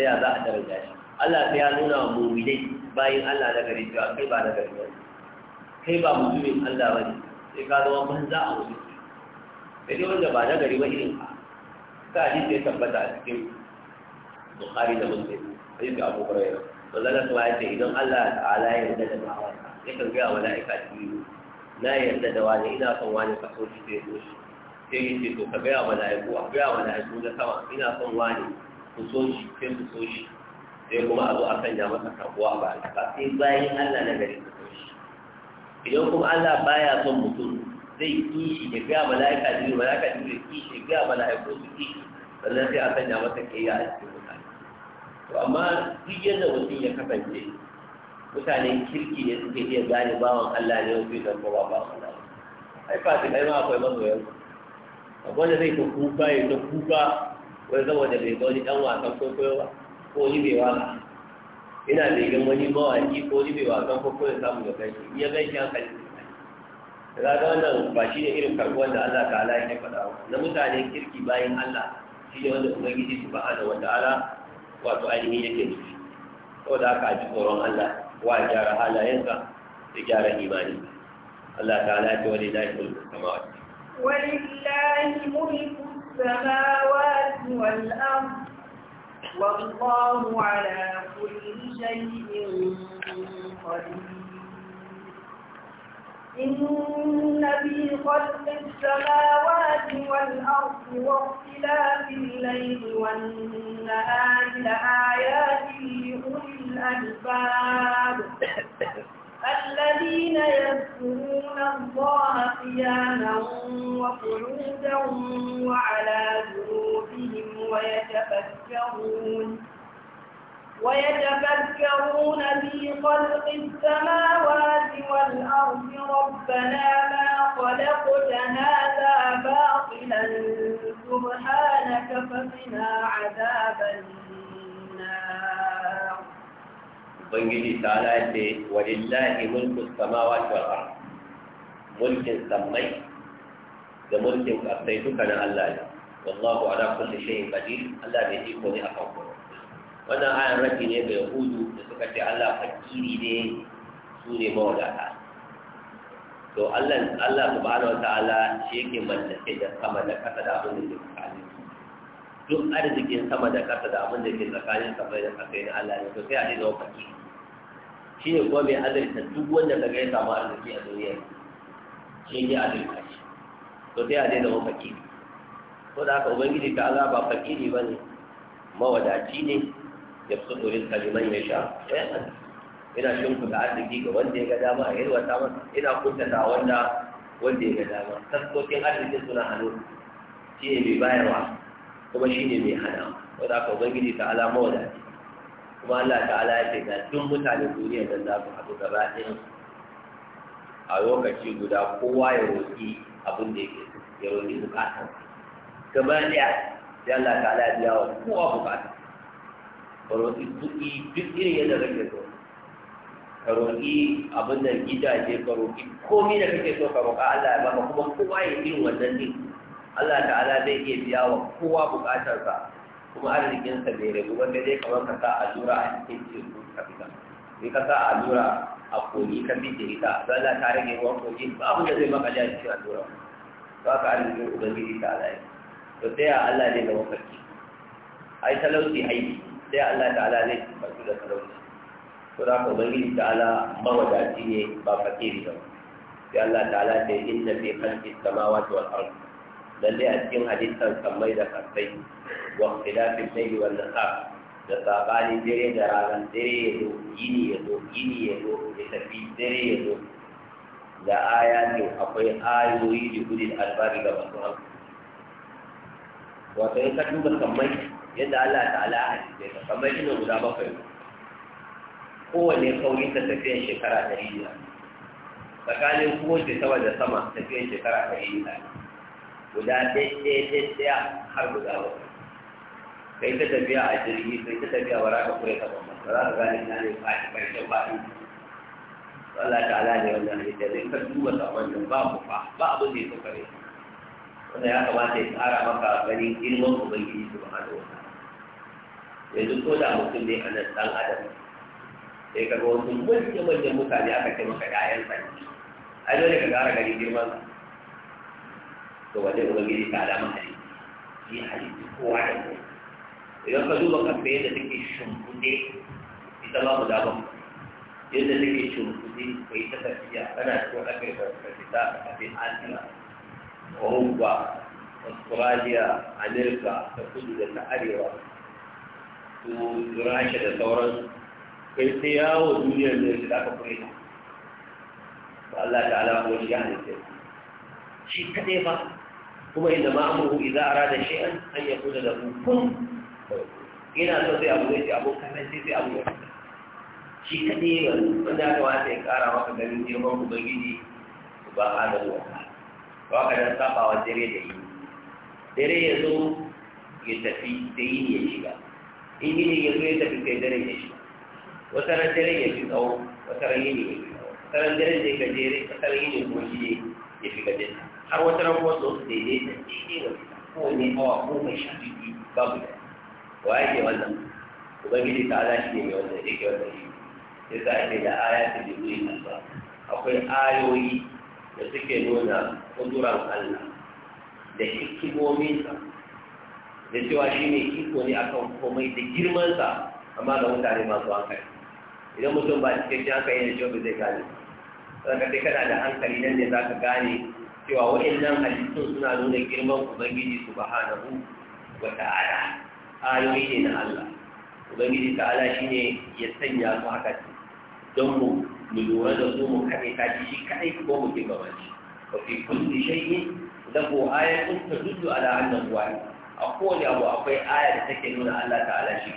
ya a Allah ya nuna wa mu'minai bayin Allah na gari cewa kai ba na gari ba kai ba mutumin Allah ba ne sai ka zama banza a wuri sai wanda ba na gari ba irin ka ta hadisi ya tabbata a cikin bukhari da muslim hadisi abu ba. wallana kuma ya ce idan Allah ya ta'ala ya yarda da bawansa yakan gaya wa la'ika biyu na yarda da wani ina son wani kaso shi zai zo shi sai yi ce to ka gaya wa la'iku a gaya wa la'iku na sama ina son wani ku so shi sai ku so shi sai kuma a zo a sanya masa karbuwa ba a sai bayan Allah na gari ku idan kuma Allah baya son mutum zai kishi ya ga mala'ika jibril jini jibril kishi ya ga mala'iku su kishi sannan sai a sanya masa kaiya a cikin mutane to amma duk yadda mutum ya kasance mutanen kirki ne suke iya gane bawan Allah ne wasu idan ba ba Allah ai fa kai ma akwai mazoyan akwai da zai ta kuka ya ta kuka wai saboda bai ga wani ɗan wasan koyo ba ko wani bai waka ina bai gan wani mawaki ko wani bai wasan koyo samu da kanshi iya gan shi hankali ga wannan ba shi ne irin karɓuwar da Allah ta ala ya faɗa na mutane kirki bayan Allah shi ne wanda ubangiji subhanahu wataala wato ainihin yake nufi saboda haka ji tsoron Allah wa gyara halayensa da gyara imani Allah ta ala ce wani lafi mulkin samawati ولله ملك السماوات والأرض والله على كل شيء قدير إن في خلق السماوات والأرض واختلاف الليل والنهار لآيات لأولي الألباب الذين يذكرون الله قياما وقعودا وعلى جنوبهم ويتفكرون ويتفكرون في خلق السماوات والأرض ربنا ما خلقت هذا باطلا سبحانك فقنا عذاب النار بنجلي تعالى ولله ملك السماوات والأرض ملك سمي ده ملك أبديتك أنا الله والله على كل شيء قدير الله يجيكم أفضل wannan ayan rabi ne mai hudu da suka ce Allah fakiri ne su ne mawadata to Allah Allah subhanahu wataala shi yake mallake da sama da kasa da abin da ke tsakanin duk arzikin sama da kasa da abin da ke tsakanin kamar da kasa na Allah ne to sai a dinga fakiri shi ne kuma mai adalta duk wanda daga ya samu arziki a duniya shi ne adalta shi to sai a dinga fakiri ko da haka ubangiji ta Allah ba fakiri ba ne, mawadaci ne ya fito rizqa ya sha. wa yaqdir ina shimfida arziki ga wanda ya ga dama a wata masa ina kuntata wanda wanda ya ga dama taskokin arzikin suna hannu shi ne mai bayarwa kuma shi ne mai hana wanda aka ubangiji ta alama dace kuma Allah ta'ala ya ce ga tun mutanen duniya zan za su haɗu gaba ɗin a lokaci guda kowa ya roƙi abin da yake ya roƙi bukata gaba ɗaya sai Allah ta'ala ya biya wa kowa bukata ka roƙi kuɗi duk irin yadda kake so ka roƙi abin da gidaje ka roƙi komai da kake so ka roƙa Allah ya baka kuma kowa ya irin wannan din Allah ta'ala zai iya biya wa kowa buƙatarsa kuma arzikinsa bai rabu wanda zai kamar ka sa allura a cikin teku ka fita sai ka sa allura a kogi ka bi da ita don Allah ta rage ruwan kogi ba abin da zai maka a cikin allura ba ka arzikin ubangiji ta alayi to sai Allah zai zama sarki ai talauci aiki sai Allah ta'ala ne ba su da talauci to da ka ubangiji ta'ala mawadaci ne ba fakiri ba sai Allah ta'ala ta inna fi khalqi samawati wal ardi lalle a cikin halittar sammai da kasai wa ikhtilafi al wal wan nahar da sabani dare da ranar dare ya zo yini ya zo yini ya zo ya tafi dare ya zo da ne akwai ayoyi da gudun albari ga masu hankali wato in ka duba sammai yadda Allah ta'ala a halitta ka kamar ina guda bakwai kowane kauri ta tafiyan shekara ta yi da tsakanin kuma kowace sama da sama tafiyan shekara ta yi da guda ɗaya ɗaya har guda bakwai kai ta tafiya a jirgi kai ta tafiya wa raka kure ta ba ba za ka gane na ne ba a ƙarshe ba a yi Allah ta'ala ne wanda ne halitta zai ka duba saman nan ba ku fa ba abin da ya kare wanda ya kamata ya tsara maka ganin girman ubangiji su subhanahu wa ta'ala yanzu ko da mutum ne a nan ɗan adam sai ka ga wasu manyan manyan mutane aka ce maka ƴaƴan sanki ai dole ka gara gari girman sa to wanda ubangiji ta alama hali shi hali kowa da kowa idan ka duba kafe yadda take shimfiɗe ita ba mu daban yadda take shimfiɗe kai ta tafiya kana cikin afirka ka fita ka tafi asiya Europa, Australia, Amerika, da kudu da ta arewa su rasha da sauran kai sai yawo duniyar da shi aka kure ta to Allah ta'ala ko shi ya halitta shi kadai ba kuma inda ma amruhu idza arada shay'an an yaqula lahu kun ina so sai abu ne abu kana sai sai abu shi kadai ba wanda aka wata ya kara maka ganin girman ubangiji subhanahu wa ta'ala ba ka da saba wa dare da yi dare ya zo ya tafi da yini ya shiga in yi ya zo ya tafi sai dare ya shi wata ran dare ya fi tsawo wata ran yini ya fi tsawo wata ran dare zai gajere wata ran yini ko shi ya fi gajere har wata ran kuma so su daidai da daidai wa kowane awa ko mai shafi biyu babu da wa ya yake wannan ubangiji ta ala shi ne mai wannan da ke wannan shi sai sa ake da aya ta jibu yi ba. akwai ayoyi da suke nuna kudurar Allah da hikimominsa da cewa shi ne iko ne akan komai da girmansa amma ga mutane masu hankali idan mutum ba cikin hankali ne cewa zai gane saboda kai kana da hankali nan ne za ka gane cewa waɗannan halittun suna nuna girman ubangiji subhanahu wa ta'ala ayoyi ne na Allah ubangiji ta'ala ne ya sanya su haka don mu mu lura da su mu kare ta shi kaɗai ko mu ke gaba shi wa fi kulli shay'in lahu ayatun tadullu ala annahu wahid a kowane abu akwai aya da take nuna Allah ta'ala shi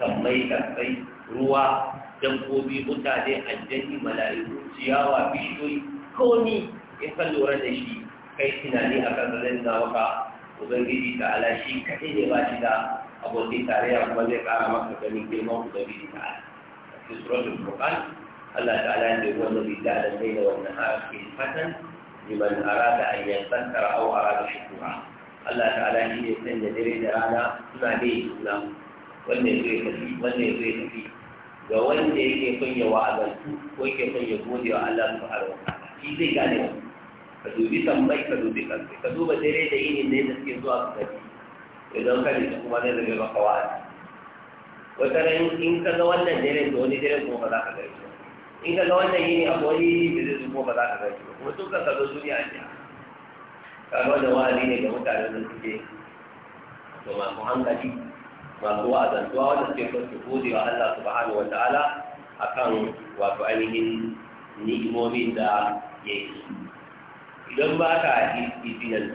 Kamai, kammai ruwa dabbobi mutane aljanni mala'iku ciyawa bishiyoyi komi in ka lura da shi kai tunani a kan zai na maka ubangiji ta'ala shi kaɗai ne ba shi da abokin tarayya kuma zai ƙara maka ganin girman ubangiji ta'ala a cikin suratul furqan Allah ta'ala ya ce wanda bi da da sai da wannan harafin fatan liman arada an yantankara aw arada shukura Allah ta'ala shi ne da dare da rana suna da yi suna wanda ya zo ya tafi wanda ya zo ya tafi ga wanda yake son wa wa'azantu ko yake son ya gode wa Allah subhanahu wa shi zai gane wa. ka dubi tambayi ka dubi kanka ka duba dare da yini ne da suke zuwa su gaji idan ka nisa kuma zai zama maka wa'azi wata ran in ka ga wannan dare da wani dare kuma ba za ka gaji in ka ga wannan yini a wani da zai zuwa ba za ka gaji kuma tun ka ga duniya a kaga da wa'azi ne ga mutanen da suke to masu hankali masu wa'azantuwa wanda suke so su gode wa Allah subhanahu wa ta'ala akan wato ainihin ni'imomin da ya yi idan ba ka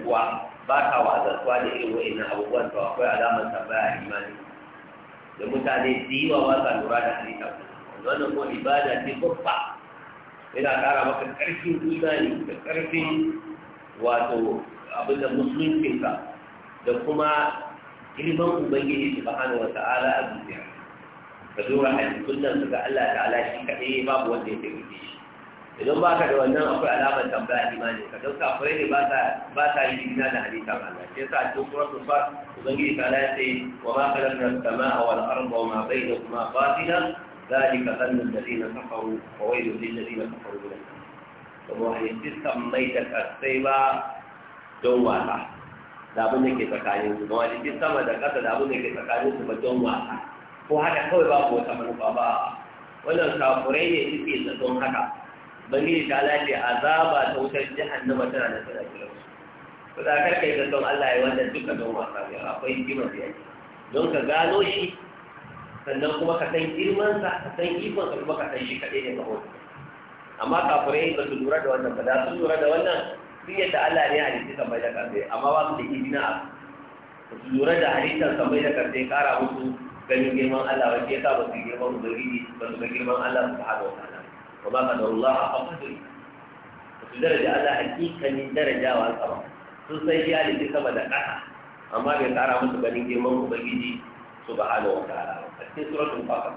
kuwa, ba ka wa'azantuwa da irin wa'annan abubuwan to akwai alamar tambaya imani da mutane su yi wa wasa lura da halittar wannan ko ibada ce babba yana ƙara maka ƙarfin imani da ƙarfin wato abin da musuluncinka da kuma girman ubangiji su bahana wa ta'ala a zuciya ka zura hadisun nan su ga Allah ta'ala shi kaɗai babu wanda ya taimake shi idan ba ka da wannan akwai alamar tambaya imani ka don kafirai ne ba ta yi digina da halitta ba Allah sai sa cikin suratul fa ubangiji ta'ala ya ce wa ma khalaqna as-samaa wal arda wa ma bainahuma da zai na الذين kawai وويل للذين كفروا من النار da ba mai sammai da karsai ba don wasa da abin da ke tsakanin su ba halitti sama da kasa da abin da ke tsakanin su ba don wasa ko haka kawai ba ko wata manufa ba wannan kafurai ne suke da don haka bangiji ta lafi azaba ta wutar jahannama tana da tsara kira su ko da karka yi zaton Allah ya wannan duka don wasa ne akwai kima da yake don ka gano shi sannan kuma ka san girmansa ka san ikonsa kuma ka san shi kaɗai ne ka hoto amma kafirai ba su lura da wannan ba da sun lura da wannan duk yadda Allah ne kan kamar da karfe amma ba su da izina ba su lura da halittar kamar da karfe kara musu ganin girman Allah wanda ya sa ba su girman ubangiji ba su ga girman Allah su haɗa wa ta'ala wa ba ka da Allah a kafin ba su daraja Allah hakikanin wa sama sun san shi halitta sama da ƙasa amma bai kara musu ganin girman ubangiji haɗa wa ta'ala a cikin suratul faqat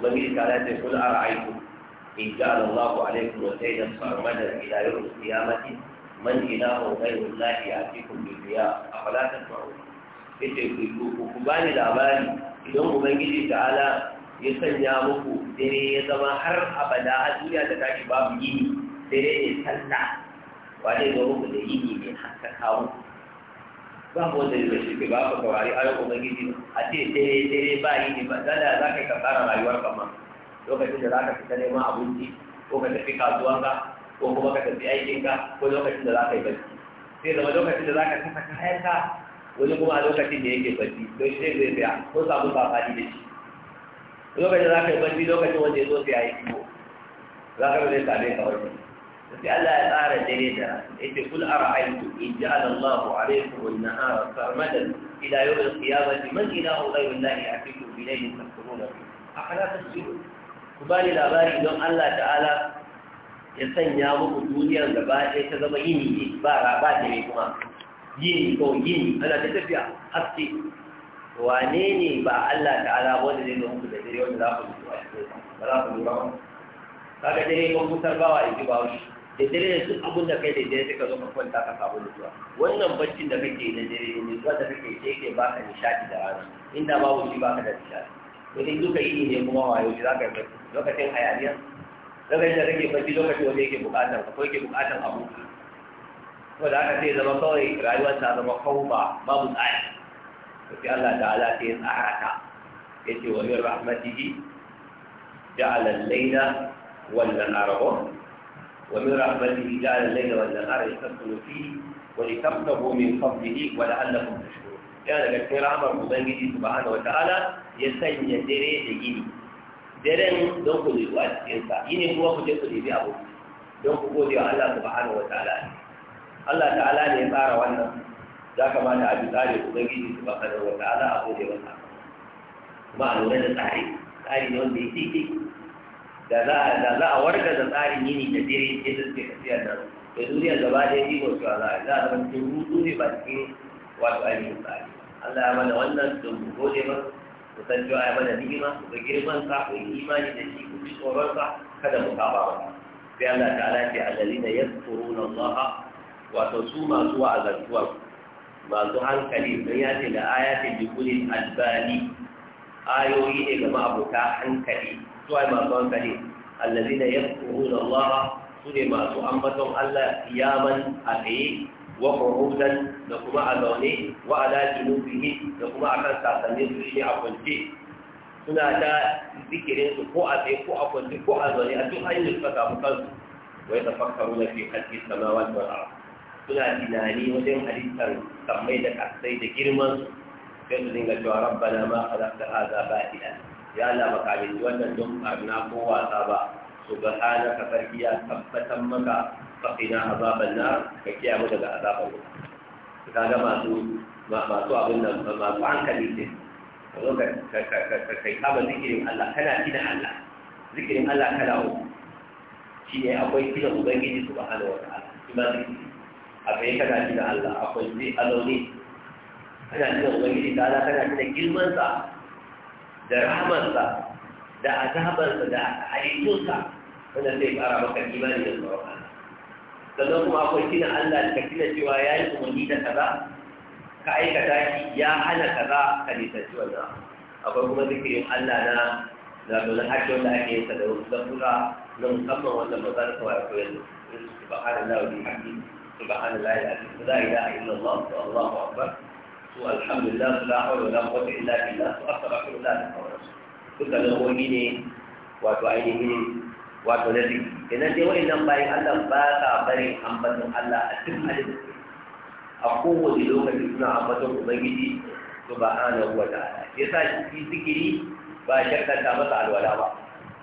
ubangiji ta ce yi ara'aytum إن جعل الله عليكم وسيدا سرمدا إلى يوم القيامة من إله غير الله يأتيكم بالرياء أفلا تسمعون yace ku bani labari idan ubangiji ta'ala ya sanya muku dare ya zama har abada a duniya da tashi babu yini dare ne sallah ba dai ga muku da yini ne har ta kawo mu da yau shi ba ka kawari ayyukan a ce dare dare ba ba za ka kasara rayuwar kama lokacin da za ka fita neman abinci ko ka tafi kasuwanka ko kuma ka tafi aikinka ko lokacin da za ka yi barci sai zama lokacin da za ka saka kayanka wani kuma a lokacin da yake barci don shi zai zai tsaya ko samu safani da shi lokacin da za ka yi barci lokacin wanda ya zo sai ya yi kiwo za ka zai same ka wani sai Allah ya tsara dare da yace kul ara'aytu in ja'ala Allahu 'alaykum an-nahara sarmadan ila yawm al-qiyamati man ilahu ghayru Allah ya'tikum bi layli tasruna fihi ku ba ni labari don Allah ta'ala ya sanya muku duniyar da ba ɗaya ta zama yini ne ba raba ne kuma yini ko yini ana ta tafiya haske wane ne ba Allah ta'ala wanda zai zama da dare wanda za ku lura ba za ku lura ba ka dare ko kusar bawa wa ji ba shi da dare da su abin da kai da dare suka zo ka kwanta ka samu zuwa wannan baccin da kake na dare ne da kake ce ke ka nishadi da rana inda babu shi ka da nishadi wajen duka yi ne kuma wa yau za ka yi bacci lokacin hayaniya lokacin da kake bacci lokacin wanda yake bukatar ka ko yake bukatar abu ko da aka sai zama kawai rayuwar ta zama kauba babu tsari to sai Allah ta'ala sai ya tsara ta yace wa bi rahmatihi ja'ala al-layla wal nahara wa bi rahmatihi ja'ala al-layla wal nahara yasqulu fihi wa litabtahu min fadlihi wa la'allakum tashkurun yana daga cikin rahmar ubangiji subhanahu wa ta'ala ya sanya dare da gini. daren don ku zuwa a cikinsa yini kuma ku je ku nemi abu don ku gode wa Allah subhanahu wa ta'ala Allah ta'ala ne ya tsara wannan za ka ba da abu tsari ka da wa ta'ala a gode wa ta'ala kuma a lura da tsari tsari ne wanda ya tike da za a warga da tsarin yini da dare yadda suke tafiya nan da duniya gaba ɗaya ɗigo su a za a zama cikin hutu ne ba cikin wato ainihin tsari Allah ya mana wannan don ku gode masa ku san cewa ya mana ni'ima ku ga girman ka ku yi imani da shi ku ji tsoron ka kada mu saba ba sai Allah ta'ala ce allazina yadhkuruna Allah wato su masu wa'azantuwa masu hankali don ya ce da ayatin jikulin albani ayoyi ne ga ma'abuta hankali suwa masu hankali allazina yadhkuruna Allah su ne masu ambaton Allah kiyaman a tsaye wa qu'udan da kuma a zaune wa ala junubihi da kuma akan sasannin su shine a kwance suna da zikirinsu ko a tsaye ko a kwance ko a zaune a duk hanyar suka samu kansu wa yatafakkaruna fi khalqi samawati wal suna tunani wajen halittar sammai da kasai da girman sai su dinga cewa rabbana ma khalaqta hadha batila ya Allah baka yi wannan don na ko wasa ba ka sarki ya tabbatar maka faqina azaban nar ka kiyaye mu daga azaban wuta kaga masu masu abin nan masu hankali ne zo ka kai kama zikirin Allah kana tina Allah zikirin Allah kana uku shi ne akwai tina ubangiji subhanahu wa ta'ala shi ma zikiri akwai kana tina Allah akwai zai alone kana tina ubangiji ta'ala kana tina girmansa da rahamarsa da azabarsa da halittunsa wanda zai fara maka imani da tsoron sannan kuma akwai kina Allah da kina cewa ya yi umarni da kaza ka aikata shi ya hana kaza ka nisanci wannan akwai kuma zikirin Allah na zaɓin hajji wanda ake yin sa da wasu zafura na musamman wannan mazan kawai ya koyar da su subhanallah wa bihamdi subhanallah ya ake la ilaha illallah wa allahu akbar su alhamdulillah su la hawla wa la quwwata illa billah su astaghfirullah wa atubu Su dukkan wani ne wato ainihin wato na zikiri idan dai wa'annan bayan Allah ba ka bari ambaton Allah a cikin halin a kowace lokaci suna ambaton ubangiji subhanahu wa ya yasa shi zikiri ba shakka ta masa alwala ba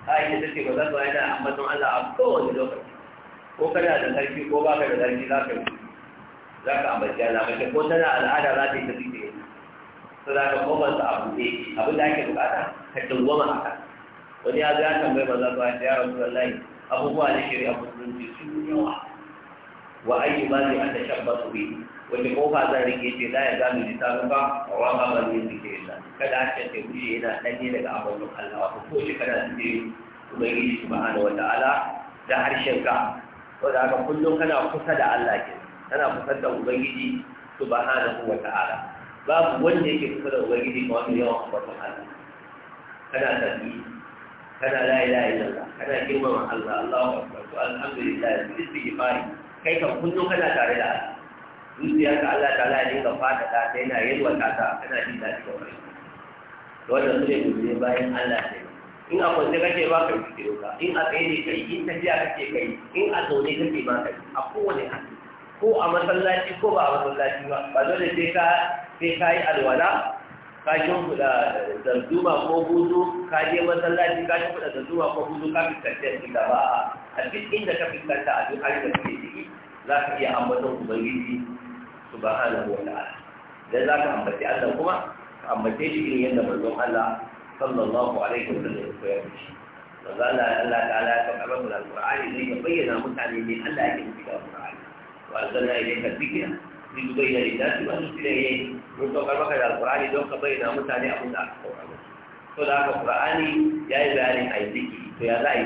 a yi ta ce ba za ka yana ambaton Allah a kowane lokaci ko kana da sarki ko ba ka da sarki za ka yi za ka ambaci Allah mace ko tana al'ada za ta yi ta zikiri to za ka komarsa a buɗe abin da ake bukata ka dawwama a kan wani ya zai tambayi ba za ba ya rasu wallahi abubuwa na shirya musulunci sun yi yawa wa ayi ba ne an da shabba su bi wanda kofa zan rike ce za ya gano littafin ba a waka ba ne su ke illa kada a ce shi yana ɗanye daga abubuwan allah wato ko shi kana su ce ubangiji su da wata ala? da harshen ka wanda aka kullum kana kusa da allah ke kana kusa da ubangiji su subhanahu wa ta'ala babu wanda yake kusa da ubangiji wani yawan abubuwan allah kana tafiya kana la ilaha illallah kana ma Allah Allahu akbar to alhamdulillah istighfari kai ka kunno kana tare da Allah zuciya ka Allah ta'ala ya dinga fada ta sai na yalwa ta ta kana jin daɗi da wani to wannan sune gurbe bayan Allah ne in a kwance kake ba ka fitiro ka in a tsaye ne kai in ta tafiya kake kai in a zaune kake ba kai a kowane hannu ko a masallaci ko ba a masallaci ba ba dole sai ka sai ka yi alwala ka shimfiɗa zarduma ko hutu ka je masallaci ka shimfiɗa zarduma ko hutu ka fuskanci a ba a duk inda ka fuskanta a duk halin da kake ciki za ka iya ambaton ubangiji hana ko ta'ala dan za ka ambaci Allah kuma ka ambace shi irin yadda manzon Allah sallallahu alaihi wa sallam ya koyar da shi manzo Allah Allah ta'ala ya faɗa mana Alƙur'ani zai ka bayyana mutane ne Allah yake nufi da alqur'ani wa anzalna ilayka dhikra ti ti bayi yari daa ti ba ti tere yari mu to kalba ka daa kura ani do ka bayi daa mu ta ni a kun daa ko kala to daa ka kura ani yaa yi baa ni a yi to yaa daa a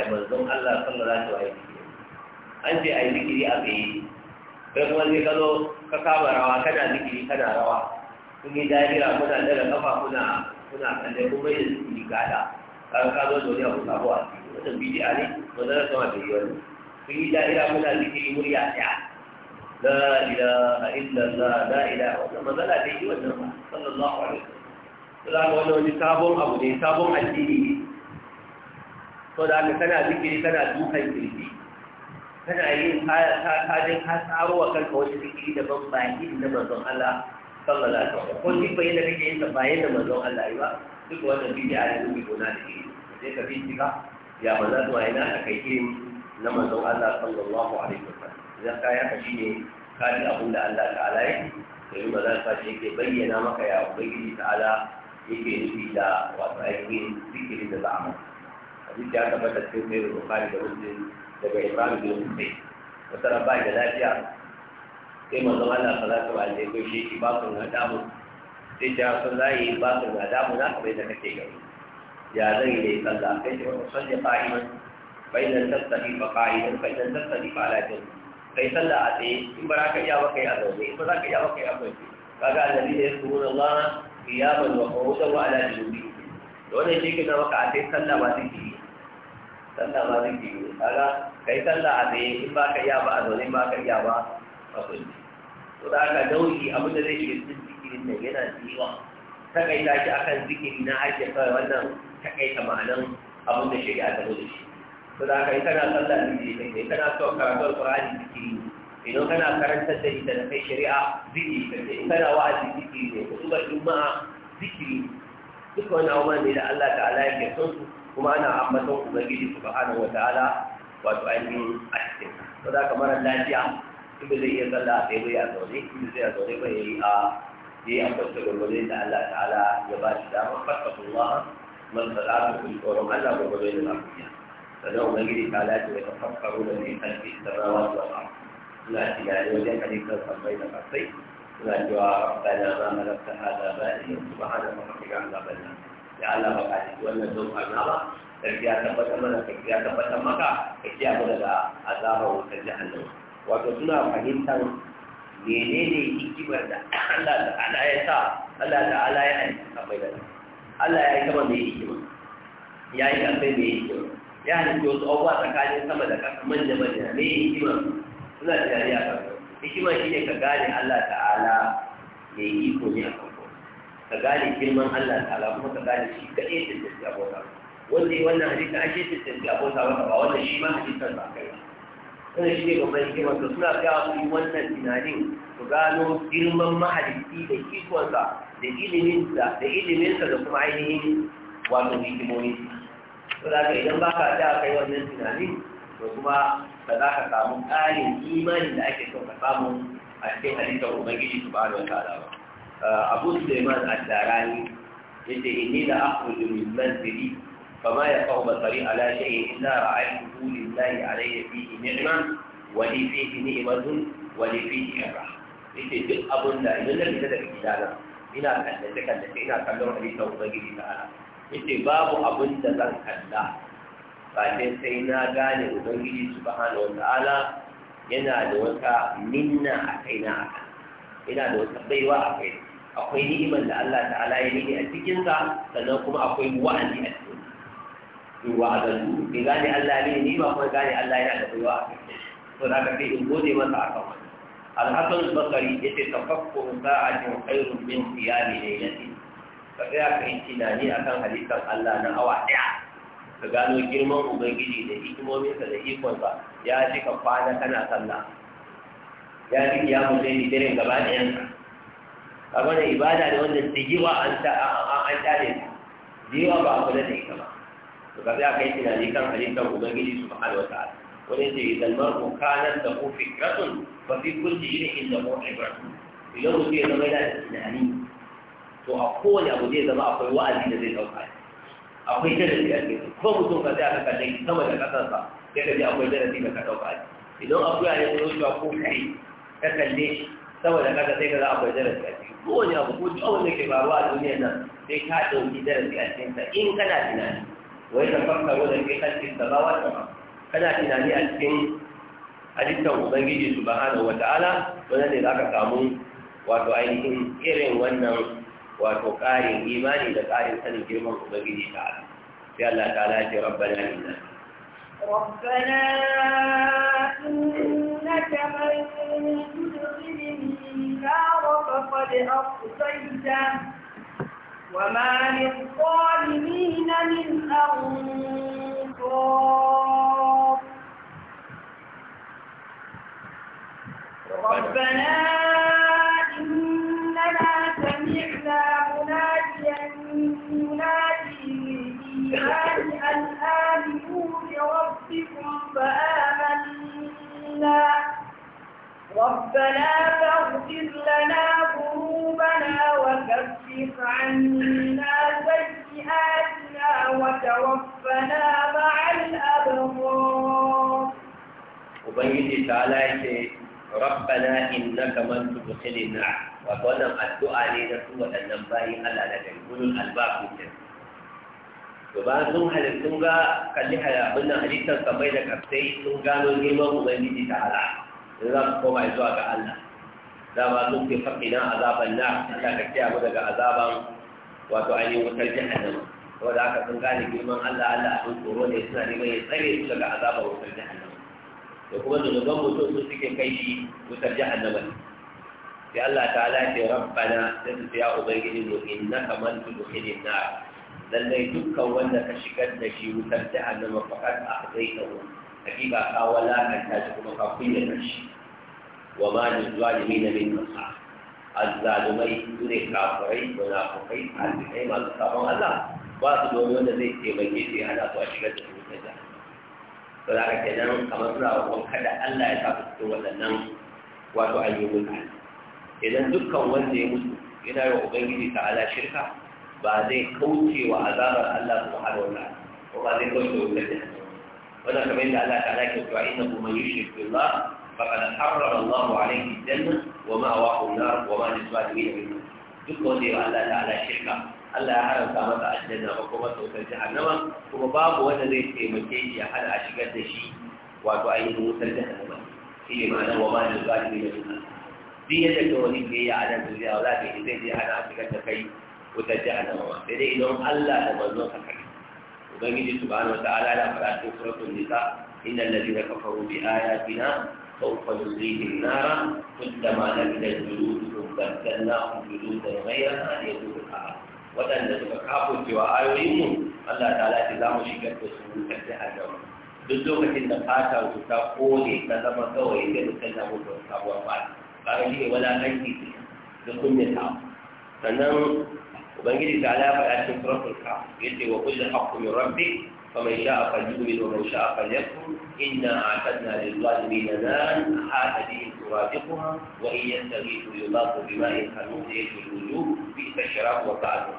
yi ma zon ala san la daa ti ba yi ti ki a yi ti a yi ti ki ri a bayi to yaa ko wani ka do rawa ka daa ti rawa ko yi ra ko daa daa ka ba ko na ko na ka daa ko ba yi ti a ko a ti ki ko a ni ko daa ma ti ki ba yi da ira kuna zikiri muryata لا إله إلا الله لا إله وما لا دي وجنبه صلى الله عليه وسلم فلا وانا نتابهم أبو نتابهم الدين فلا أنك ذكري كنا دوحا يكريبي كنا أيين حاجة خاصة أروى كان ذكري دبن الله صلى الله عليه وسلم كل شيء بين بيجي إنما الله أيوة duk idan ka yaka shi ne ka ji abin da Allah ta'ala ya to yi magana ka shi yake bayyana maka ya ubangiji ta'ala yake nufi da wato aikin zikirin da za a masa hadisi ya tabbata cikin sai da bukari da muslim daga ibrahim bin musai wata rabba da lafiya sai manzon Allah salatu alaihi wa sallam shi ba su na damu sai ta sun layi ba su na damu na kamar da kake gani ya zan yi sallah kai ce wa salli qa'iman fa idan tastafi fa qa'iman fa idan tastafi fa ala jannah kai sallah a tsaye in ba za ka iya ba kai a zaune in ba za ka iya ba kai a kwance kaga annabi da ya tsoro da ba zuwa ko qu'udan wa ala junubi da wannan shi ke na maka a tsaye sallah ba zai yi sallah ba take yi kaga kai sallah a tsaye in ba ka iya ba a zaune in ba ka iya ba a zaune to da aka dauki abin da zai shiga cikin zikirin nan yana jiwa takaita shi akan zikiri na hajjar kawai wannan takaita ma'anan abin da shari'a ta zo da shi to da kai kana sallah ne da kai kana so karatu alqur'ani kike idan kana karantar da ita da kai shari'a zikiri kake kana wa'azi zikiri ne kuma juma'a zikiri duk wani abubuwan ne da Allah ta'ala ya ke son su kuma ana ambaton ubangiji subhanahu wa ta'ala wato ainihin a cikin to da kamar lafiya in ba zai iya sallah sai bai a zaune in ba zai a zaune bai yi a yi a kwanta gwargwado da Allah ta'ala ya ba shi damar fasakullah man salatu kun tsoron Allah gwargwado da lafiya فلو غير حالات يتفكرون في خلق السماوات والارض لا تلاقي وجه حديث بين قصي لا جوا ربنا ما ملكت هذا بالي سبحان ربك عذاب النار لعل مقالد وان الذوق النار ترجع تبت منا ترجع تبت مكة ترجع بلغا عذابه وترجع النار وتسنا فهمتا menene hikimar da Allah ta'ala ya sa Allah ta'ala ya aika bai da Allah ya aika wanda ya halitta wasu abubuwa tsakanin sama da ƙasa manja manja me hikima suna da a kan hikima shi ne ka gane Allah ta'ala mai iko ne a kan ka gane girman Allah ta'ala kuma ka gane shi kaɗai tantance abota wanda wannan hadisi ake tantance abota wanda ba wanda shi ma hadisan ba kai ba sun shi ne babban hikimar da suna gaya su yi wannan tunanin su gano girman mahalicci da kikonsa da iliminsa da iliminsa da kuma ainihin wato hikimominsa ko idan ba ka da kai wannan tunani to kuma ba za ka samu ƙarin imanin da ake so ka samu a cikin halittar ubangiji su ba da wata ba abu suleiman al-darani ya ce inni da akhruju min manzili فما يقع بصري على شيء إلا رأيته لله علي فيه نعمة ولي فيه نعمة ولي فيه إبراهيم yake duk abin da idan na fita daga gidana ina kallace kallace ina kallon halittar ubangiji ta ala yace babu abin da zan kalla bakin sai na gane ubangiji subhanahu wataala yana da wata minna a kaina a yana da wata baiwa a kai akwai ni'imar da Allah ta'ala ya nini a cikinsa sannan kuma akwai wa'azi a cikin in wa'azantu bai gane Allah ne ni ba kuma gane Allah yana da baiwa a kai to da ka sai in gode masa a kan wani Alhassan الحسن البصري يتفكر ساعة خير من قيام ليلته ka tsaya ka yi tunani a kan halittar Allah na awa ɗaya ka gano girman Ubangiji da hikimominsa da ikonsa ya ji ka kwana kana sallah ya ji ya mutu ni dare gaba yanka. a da ibada da wanda ta yi wa an tare ta jiwa ba a kula da ita ba to ka tsaya ka yi tunani kan halittar Ubangiji su ma'al wata ala wani ce idan ko kanar da ko fikratun ba fi kulli shirin da ko ibrahim idan mutum ya zama yana da tunani to a kowane abu zai zama akwai wa'azi da zai dauka akwai darasi a cikin ko mutum ka sai aka kalle sama da kasarsa sai ka ji akwai darasi da ka dauka idan akuya ne ko shiwa ko kai ka kalle sama da kasa sai ka za akwai darasi a cikin kowane abu ko duk abin da ke faruwa a duniyar nan sai ka dauki darasi a cikin sa in kana tunani wai ka fakkaro da kai kalcin da ba wata ba kana tunani a cikin halittar ubangiji subhanahu wataala wannan ne za ka samu wato ainihin irin wannan wato ƙarin imani da ƙarin sanin girman ubangiji ta ala sai Allah ta ala ce rabbana inna rabbana innaka man tudkhilin nar faqad aqsayta وما للظالمين من أنصار ربنا فآمنا ربنا فاغفر لنا ذنوبنا وكفر عنا سيئاتنا وتوفنا مع الأبرار Ubangiji ta laike rabbana innaka man tudkhilin wa wannan addu'a ne na su waɗannan bayin Allah da gurul albab to ba sun halittun ga kalli abin na halittar kamar da kaftai sun gano girman ubangiji ta ala in za su koma zuwa ga allah ba sun fi faɗina azaban na allah ka kiyaye mu daga azaban wato ainihin wutar kuma da aka sun gane girman allah allah abin tsoro ne suna neman ya tsare su daga azaban wutar jahannama da kuma zunuban mutum sun suke kai shi wutar jahannama ne sai allah ta'ala ce rabbana sai su ya ubangiji mu innaka man tudkhilin na. lallai dukkan wanda ka shigar da shi wutar jahannama faqad ahdaytahu hakika ka walakanta shi kuma ka kunyata shi wa ma lil zalimin min ansar azzalumai su ne kafirai munafukai alfikai masu sabon Allah ba su domin wanda zai taimake su ya hana su a shigar da su wutar jahannama to da haka kenan kamar suna roƙon kada Allah ya sa su cikin waɗannan wato ayyukan idan dukkan wanda ya mutu yana yi wa ubangiji ta'ala shirka ba zai kauce wa azabar Allah subhanahu wa ta'ala ko ba zai kauce wa wutar jahannam wannan kamar yadda Allah ta'ala ke cewa innahu man yushrik billah faqad harrama Allah alayhi al-janna wa ma'wahu an-nar wa ma lisalimin min duk wanda ya Allah ta'ala shirka Allah ya haramta masa aljanna ba kuma sautar jahannama kuma babu wanda zai taimake shi ya hada a shigar da shi wato ainihin wutar jahannama shi ne ma'ana wa ma lisalimin min duk yadda ka wani ke yi a nan duniya wala ka zai je hana a shigar da kai wutar jahannama sai dai idan Allah da ka kai ubangiji subhanahu ya fara cikin suratul nisa innal ladina kafaru bi ayatina سوف نصليهم نارا كلما نبلت جلودهم بدلناهم جلودا غيرها mu allah ta'ala تكافوا za mu الله تعالى تزام duk lokacin da fata su ta kone ta zama kawai da dukkan na mutu sabuwar fata wala kanki da ta sannan ubangiji ta ala faɗa cikin suratul kaf yace wa kullu haqqu min rabbik faman sha'a falyu'min wa man sha'a falyakfur inna a'tadna lil zalimin naran ahata bihim suradiquha wa in yastaghiithu yudhafu bima'in kanun yashfi al-wujuh bi'sa ash-sharab wa ta'ala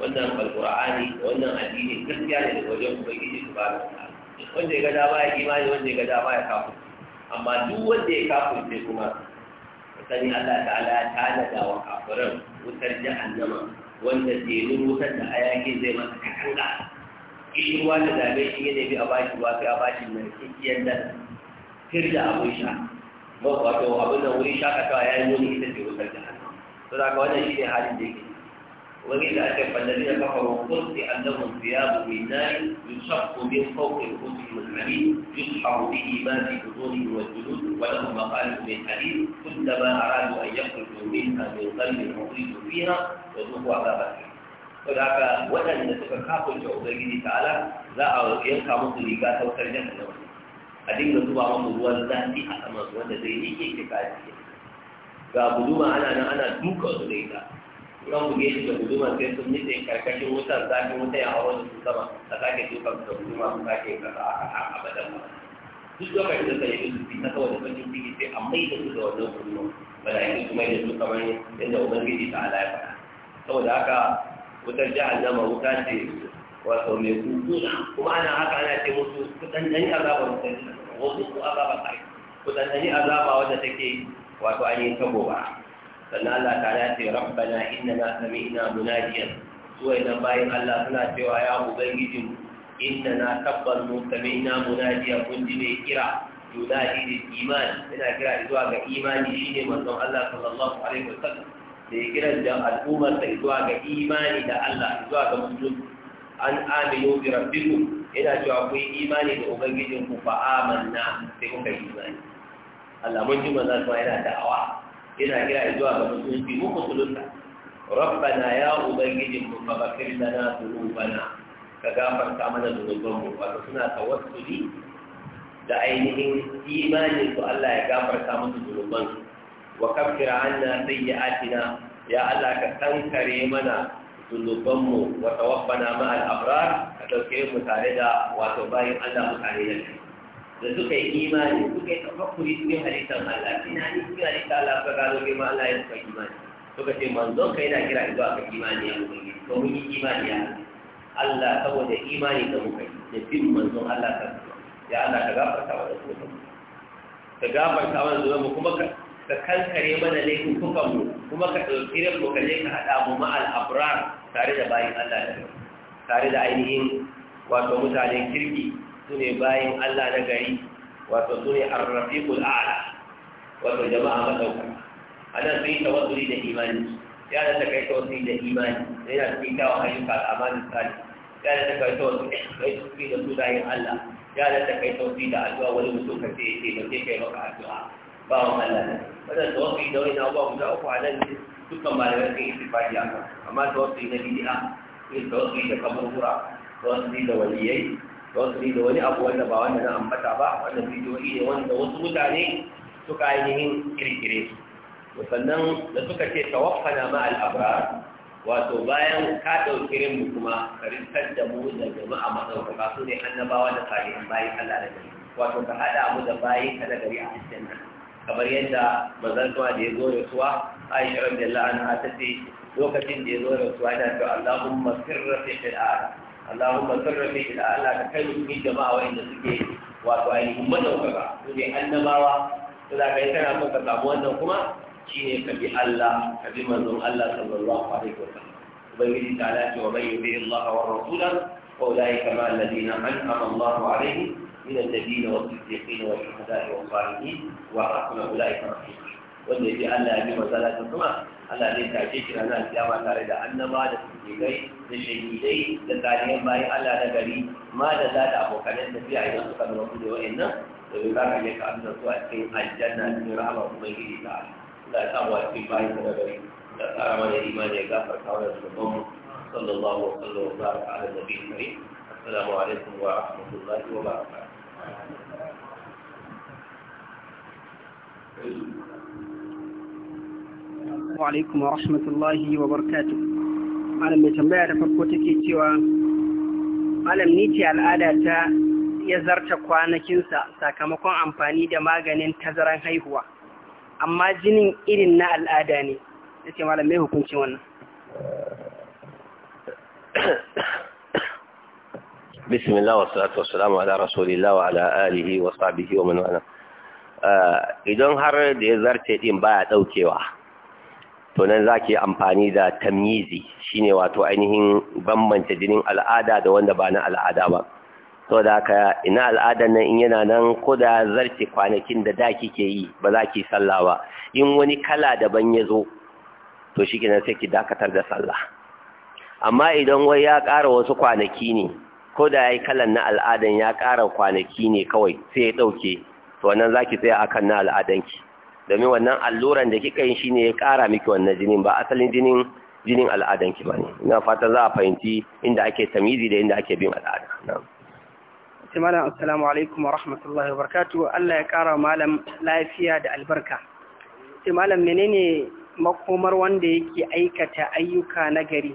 wannan alqur'ani wannan addini gaskiya ne da wajen ubangiji subhanahu wa ta'ala wanda ya ga dama ya imani wanda ya ga dama ya kafu amma duk wanda ya kafu sai kuma sani Allah ta'ala ta nada wa kafirin wutar jahannama wanda telin wutar da hayakin zai masa katanga in ruwa da zabe shi ya bi a bashi ruwa sai a bashi mai kikiyar da fir da abin sha wato abin da wuri shakatawa ya yi wani ita ce wutar da hannu. Saboda haka wannan shi ne halin da yake وإذا أكف الذين كفروا قلت أنهم ثياب من نار يشق من فوق رؤوسهم الحديد يسحر به ما في بطونه والجلود ولهم مقالب من حديد كلما أرادوا أن يخرجوا منها من قلب مخرج فيها وذوقوا عذاب الحديد فذاك وجد أن تفكاك الجعوب الذي تعالى ذا يلقى مطلقا توكل جنة نوعه أدين نتوبة عمر وزان في أسماء وزان ذيني كيف يفعل فيها فأبدوما أنا أنا دوكا ذيني kan buge shi da guduma sai sun nitse karkashin wutar zafin wuta ya hawa da su sama a sake dukan da guduma su sake kasa a haka abadan ba duk lokacin da sai su fi kasa wani bakin ciki sai a mai da su da wannan guduma mala'iku su mai da su kamar yadda ubangiji ta ala ya faɗa saboda haka wutar jihar jahannama wuta ce wato mai kukuna kuma ana haka ana ce musu kudanɗani azaba wutar jahannama wasu ku azaba kai kudanɗani azaba wadda take wato an yi ta ba. sannan Allah ta ya ce rabbana innana sami'na munadiyan su idan bayan Allah suna cewa ya Inna na tabbas mu sami sami'na munadiyan kun ji mai kira yunadi da iman yana kira zuwa ga imani shine manzon Allah sallallahu alaihi wasallam da ya kira da al'ummar sa zuwa ga imani da Allah zuwa ga musulmi an aminu bi rabbikum yana cewa ku yi imani da ubangijinku fa amanna sai kuka yi imani Allah mun ji manzon sa yana da'awa ina kira zuwa ga musulunci mu musulunta rabbana ya ubangiji mu faghfir lana dhunubana ka gafarta mana dhunuban mu wato suna tawassuli da ainihin imanin su Allah ya gafarta musu dhunuban su wa zai anna sayyi'atina ya Allah ka tankare mana dhunuban mu wa tawaffana ma'al abrar ka dauke mu tare da wato bayin Allah mutane da da suka yi imani suka yi tafakkuri yi halittar Allah ina ni cikin halittar Allah suka gano girma, Allah ya suka imani suka ce manzon kai na kira zuwa ka imani ya yi to mun yi imani ya Allah saboda imani da muka yi da bin manzon Allah ka ya Allah ka gafarta wa da kuma ka gafarta wa da mu kuma ka ka kankare mana laifin kukan mu kuma ka ɗauki ran mu ka je ka haɗa mu ma al-abrar tare da bayin Allah da tare da ainihin wato mutanen kirki su ne bayin Allah na gari wato su ne arrafiqul a'la wato jama'a madauka ana sun yi tawassuli da imani ya da ta kai tawassuli da imani sai da cikin kyawun ayyuka da amanin sali ya da ta kai tawassuli da yin Allah ya da ta kai tawassuli da addu'a wani mutum ka ce ce ba kai maka addu'a ba wa Allah ne wannan tawassuli da wani abubuwa guda uku a nan dukkan malamai sun yi sifari a kan amma tawassuli na bid'a sun tawassuli da kaburbura tawassuli da waliyai don su da wani abu wanda ba wanda na ambata ba wanda bidiyoyi da wanda wasu mutane suka ainihin kirkire su sannan da suka ce na ma al'abrar wato bayan ka ɗauki mu kuma ka rinkar da mu da jama'a maɗaukaka su ne annabawa da salihan bayan Allah da gari wato ka haɗa mu da bayan ka da gari a cikin nan kamar yadda mazan da ya zo da suwa. a rasuwa da radiyallahu anha ta ce lokacin da ya zo da suwa, yana da allahun sirra fi al'ara Allahumma sarrafi ila Allah ka kai musulmi jama'a wanda suke wato ainihin madaukaka su ne annabawa to da kai tana son ka samu wannan kuma shine ka bi Allah ka bi manzon Allah sallallahu alaihi wa sallam ubangiji ta ala ce wa man yubi Allah wa rasula fa ulai kama alladhina an'ama Allah alaihim من النبيين wa والشهداء والصالحين وحسن اولئك رفيقا wanda ya ce Allah ya bi masallacin kuma Allah zai tashe shi ranar kiyama tare da annaba da sulhidai da shahidai da tarihin bayan Allah na gari ma da za da abokanan tafiya idan suka zama kuɗe wa'annan domin za ka leka ka da su a cikin aljanna cikin rahama kuma gidi ta da samu a cikin bayan na gari da tsara mana imani ya gafarta wa da mu sallallahu alaihi wa sallam wa baraka ala nabiyyi karim assalamu alaikum wa rahmatullahi wa barakatuh Thank you. Assalamu alaikum wa rahmatullahi wa barkatu Malam mai tambaya da farko take cewa Malam ni ce al'ada ta ya zarta kwanakinsa sakamakon amfani da maganin tazaran haihuwa. Amma jinin irin na al'ada ne. Ya ce malam mai hukuncin wannan. Bismillah wa salatu wa salamu ala rasulillah wa ala alihi wa sahbihi wa man wala. Ah, idan har da ya zarce din baya daukewa Tonan nan za ki amfani da tamyizi shine wato ainihin bambance jinin al'ada da wanda ba na al'ada ba to da haka ina al'adar nan in yana nan ko da zarce kwanakin da da kike yi ba za ki sallah ba in wani kala daban ya zo to shi kenan sai ki dakatar da sallah amma idan wai ya ƙara wasu kwanaki ne ko da ya kalan na al'adan ya ƙara kwanaki ne kawai sai ya ɗauke to wannan za ki tsaya akan na al'adanki domin wannan alluran da kika yi shine ya ƙara miki wannan jinin ba asalin jinin jinin al'adanki ba ne ina fata za a fahimci inda ake tamizi da inda ake bin al'ada na'am malam assalamu alaikum wa rahmatullahi wa barakatuh Allah ya kara malam lafiya da albarka sai malam menene makomar wanda yake aikata ayyuka na gari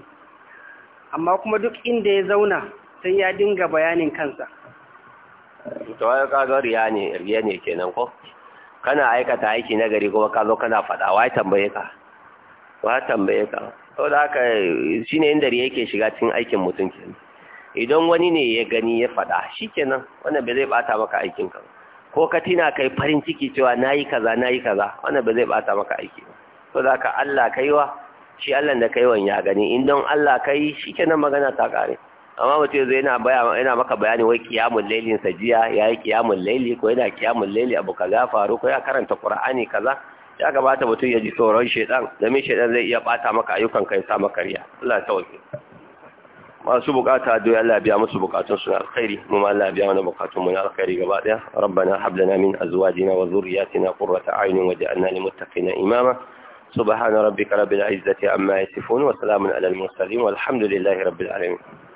amma kuma duk inda ya zauna sai ya dinga bayanin kansa to ya kaga riya ne riya ne kenan ko kana aikata aiki na gari kuma ka zo kana faɗa wa tambaye ka wa tambaye ka saboda haka shine inda yake shiga cikin aikin mutum ke idan wani ne ya gani ya faɗa shikenan wannan bai zai bata maka aikin ka ko ka tina kai farin ciki cewa nayi kaza nayi kaza wannan bai zai bata maka aiki ba saboda haka Allah kaiwa shi Allah da kaiwan ya gani in don Allah kai shikenan magana ta kare amma mutum zai yana baya yana maka bayani wai qiyamul lailin sa jiya yayi qiyamul laili ko yana qiyamul laili abu kaza faru ko ya karanta qur'ani kaza ya gabata mutum ya ji tsoron shedan domin shedan zai iya bata maka ayyukan kai sa maka riya Allah tawaki masu bukata do ya labiya musu bukatun su alkhairi mu ma Allah biya mana bukatun mu alkhairi gaba daya rabbana hab lana min azwajina wa dhurriyyatina qurrata a'yunin waj'alna lil muttaqina imama سبحان ربك رب العزة عما يصفون وسلام على المرسلين والحمد لله رب العالمين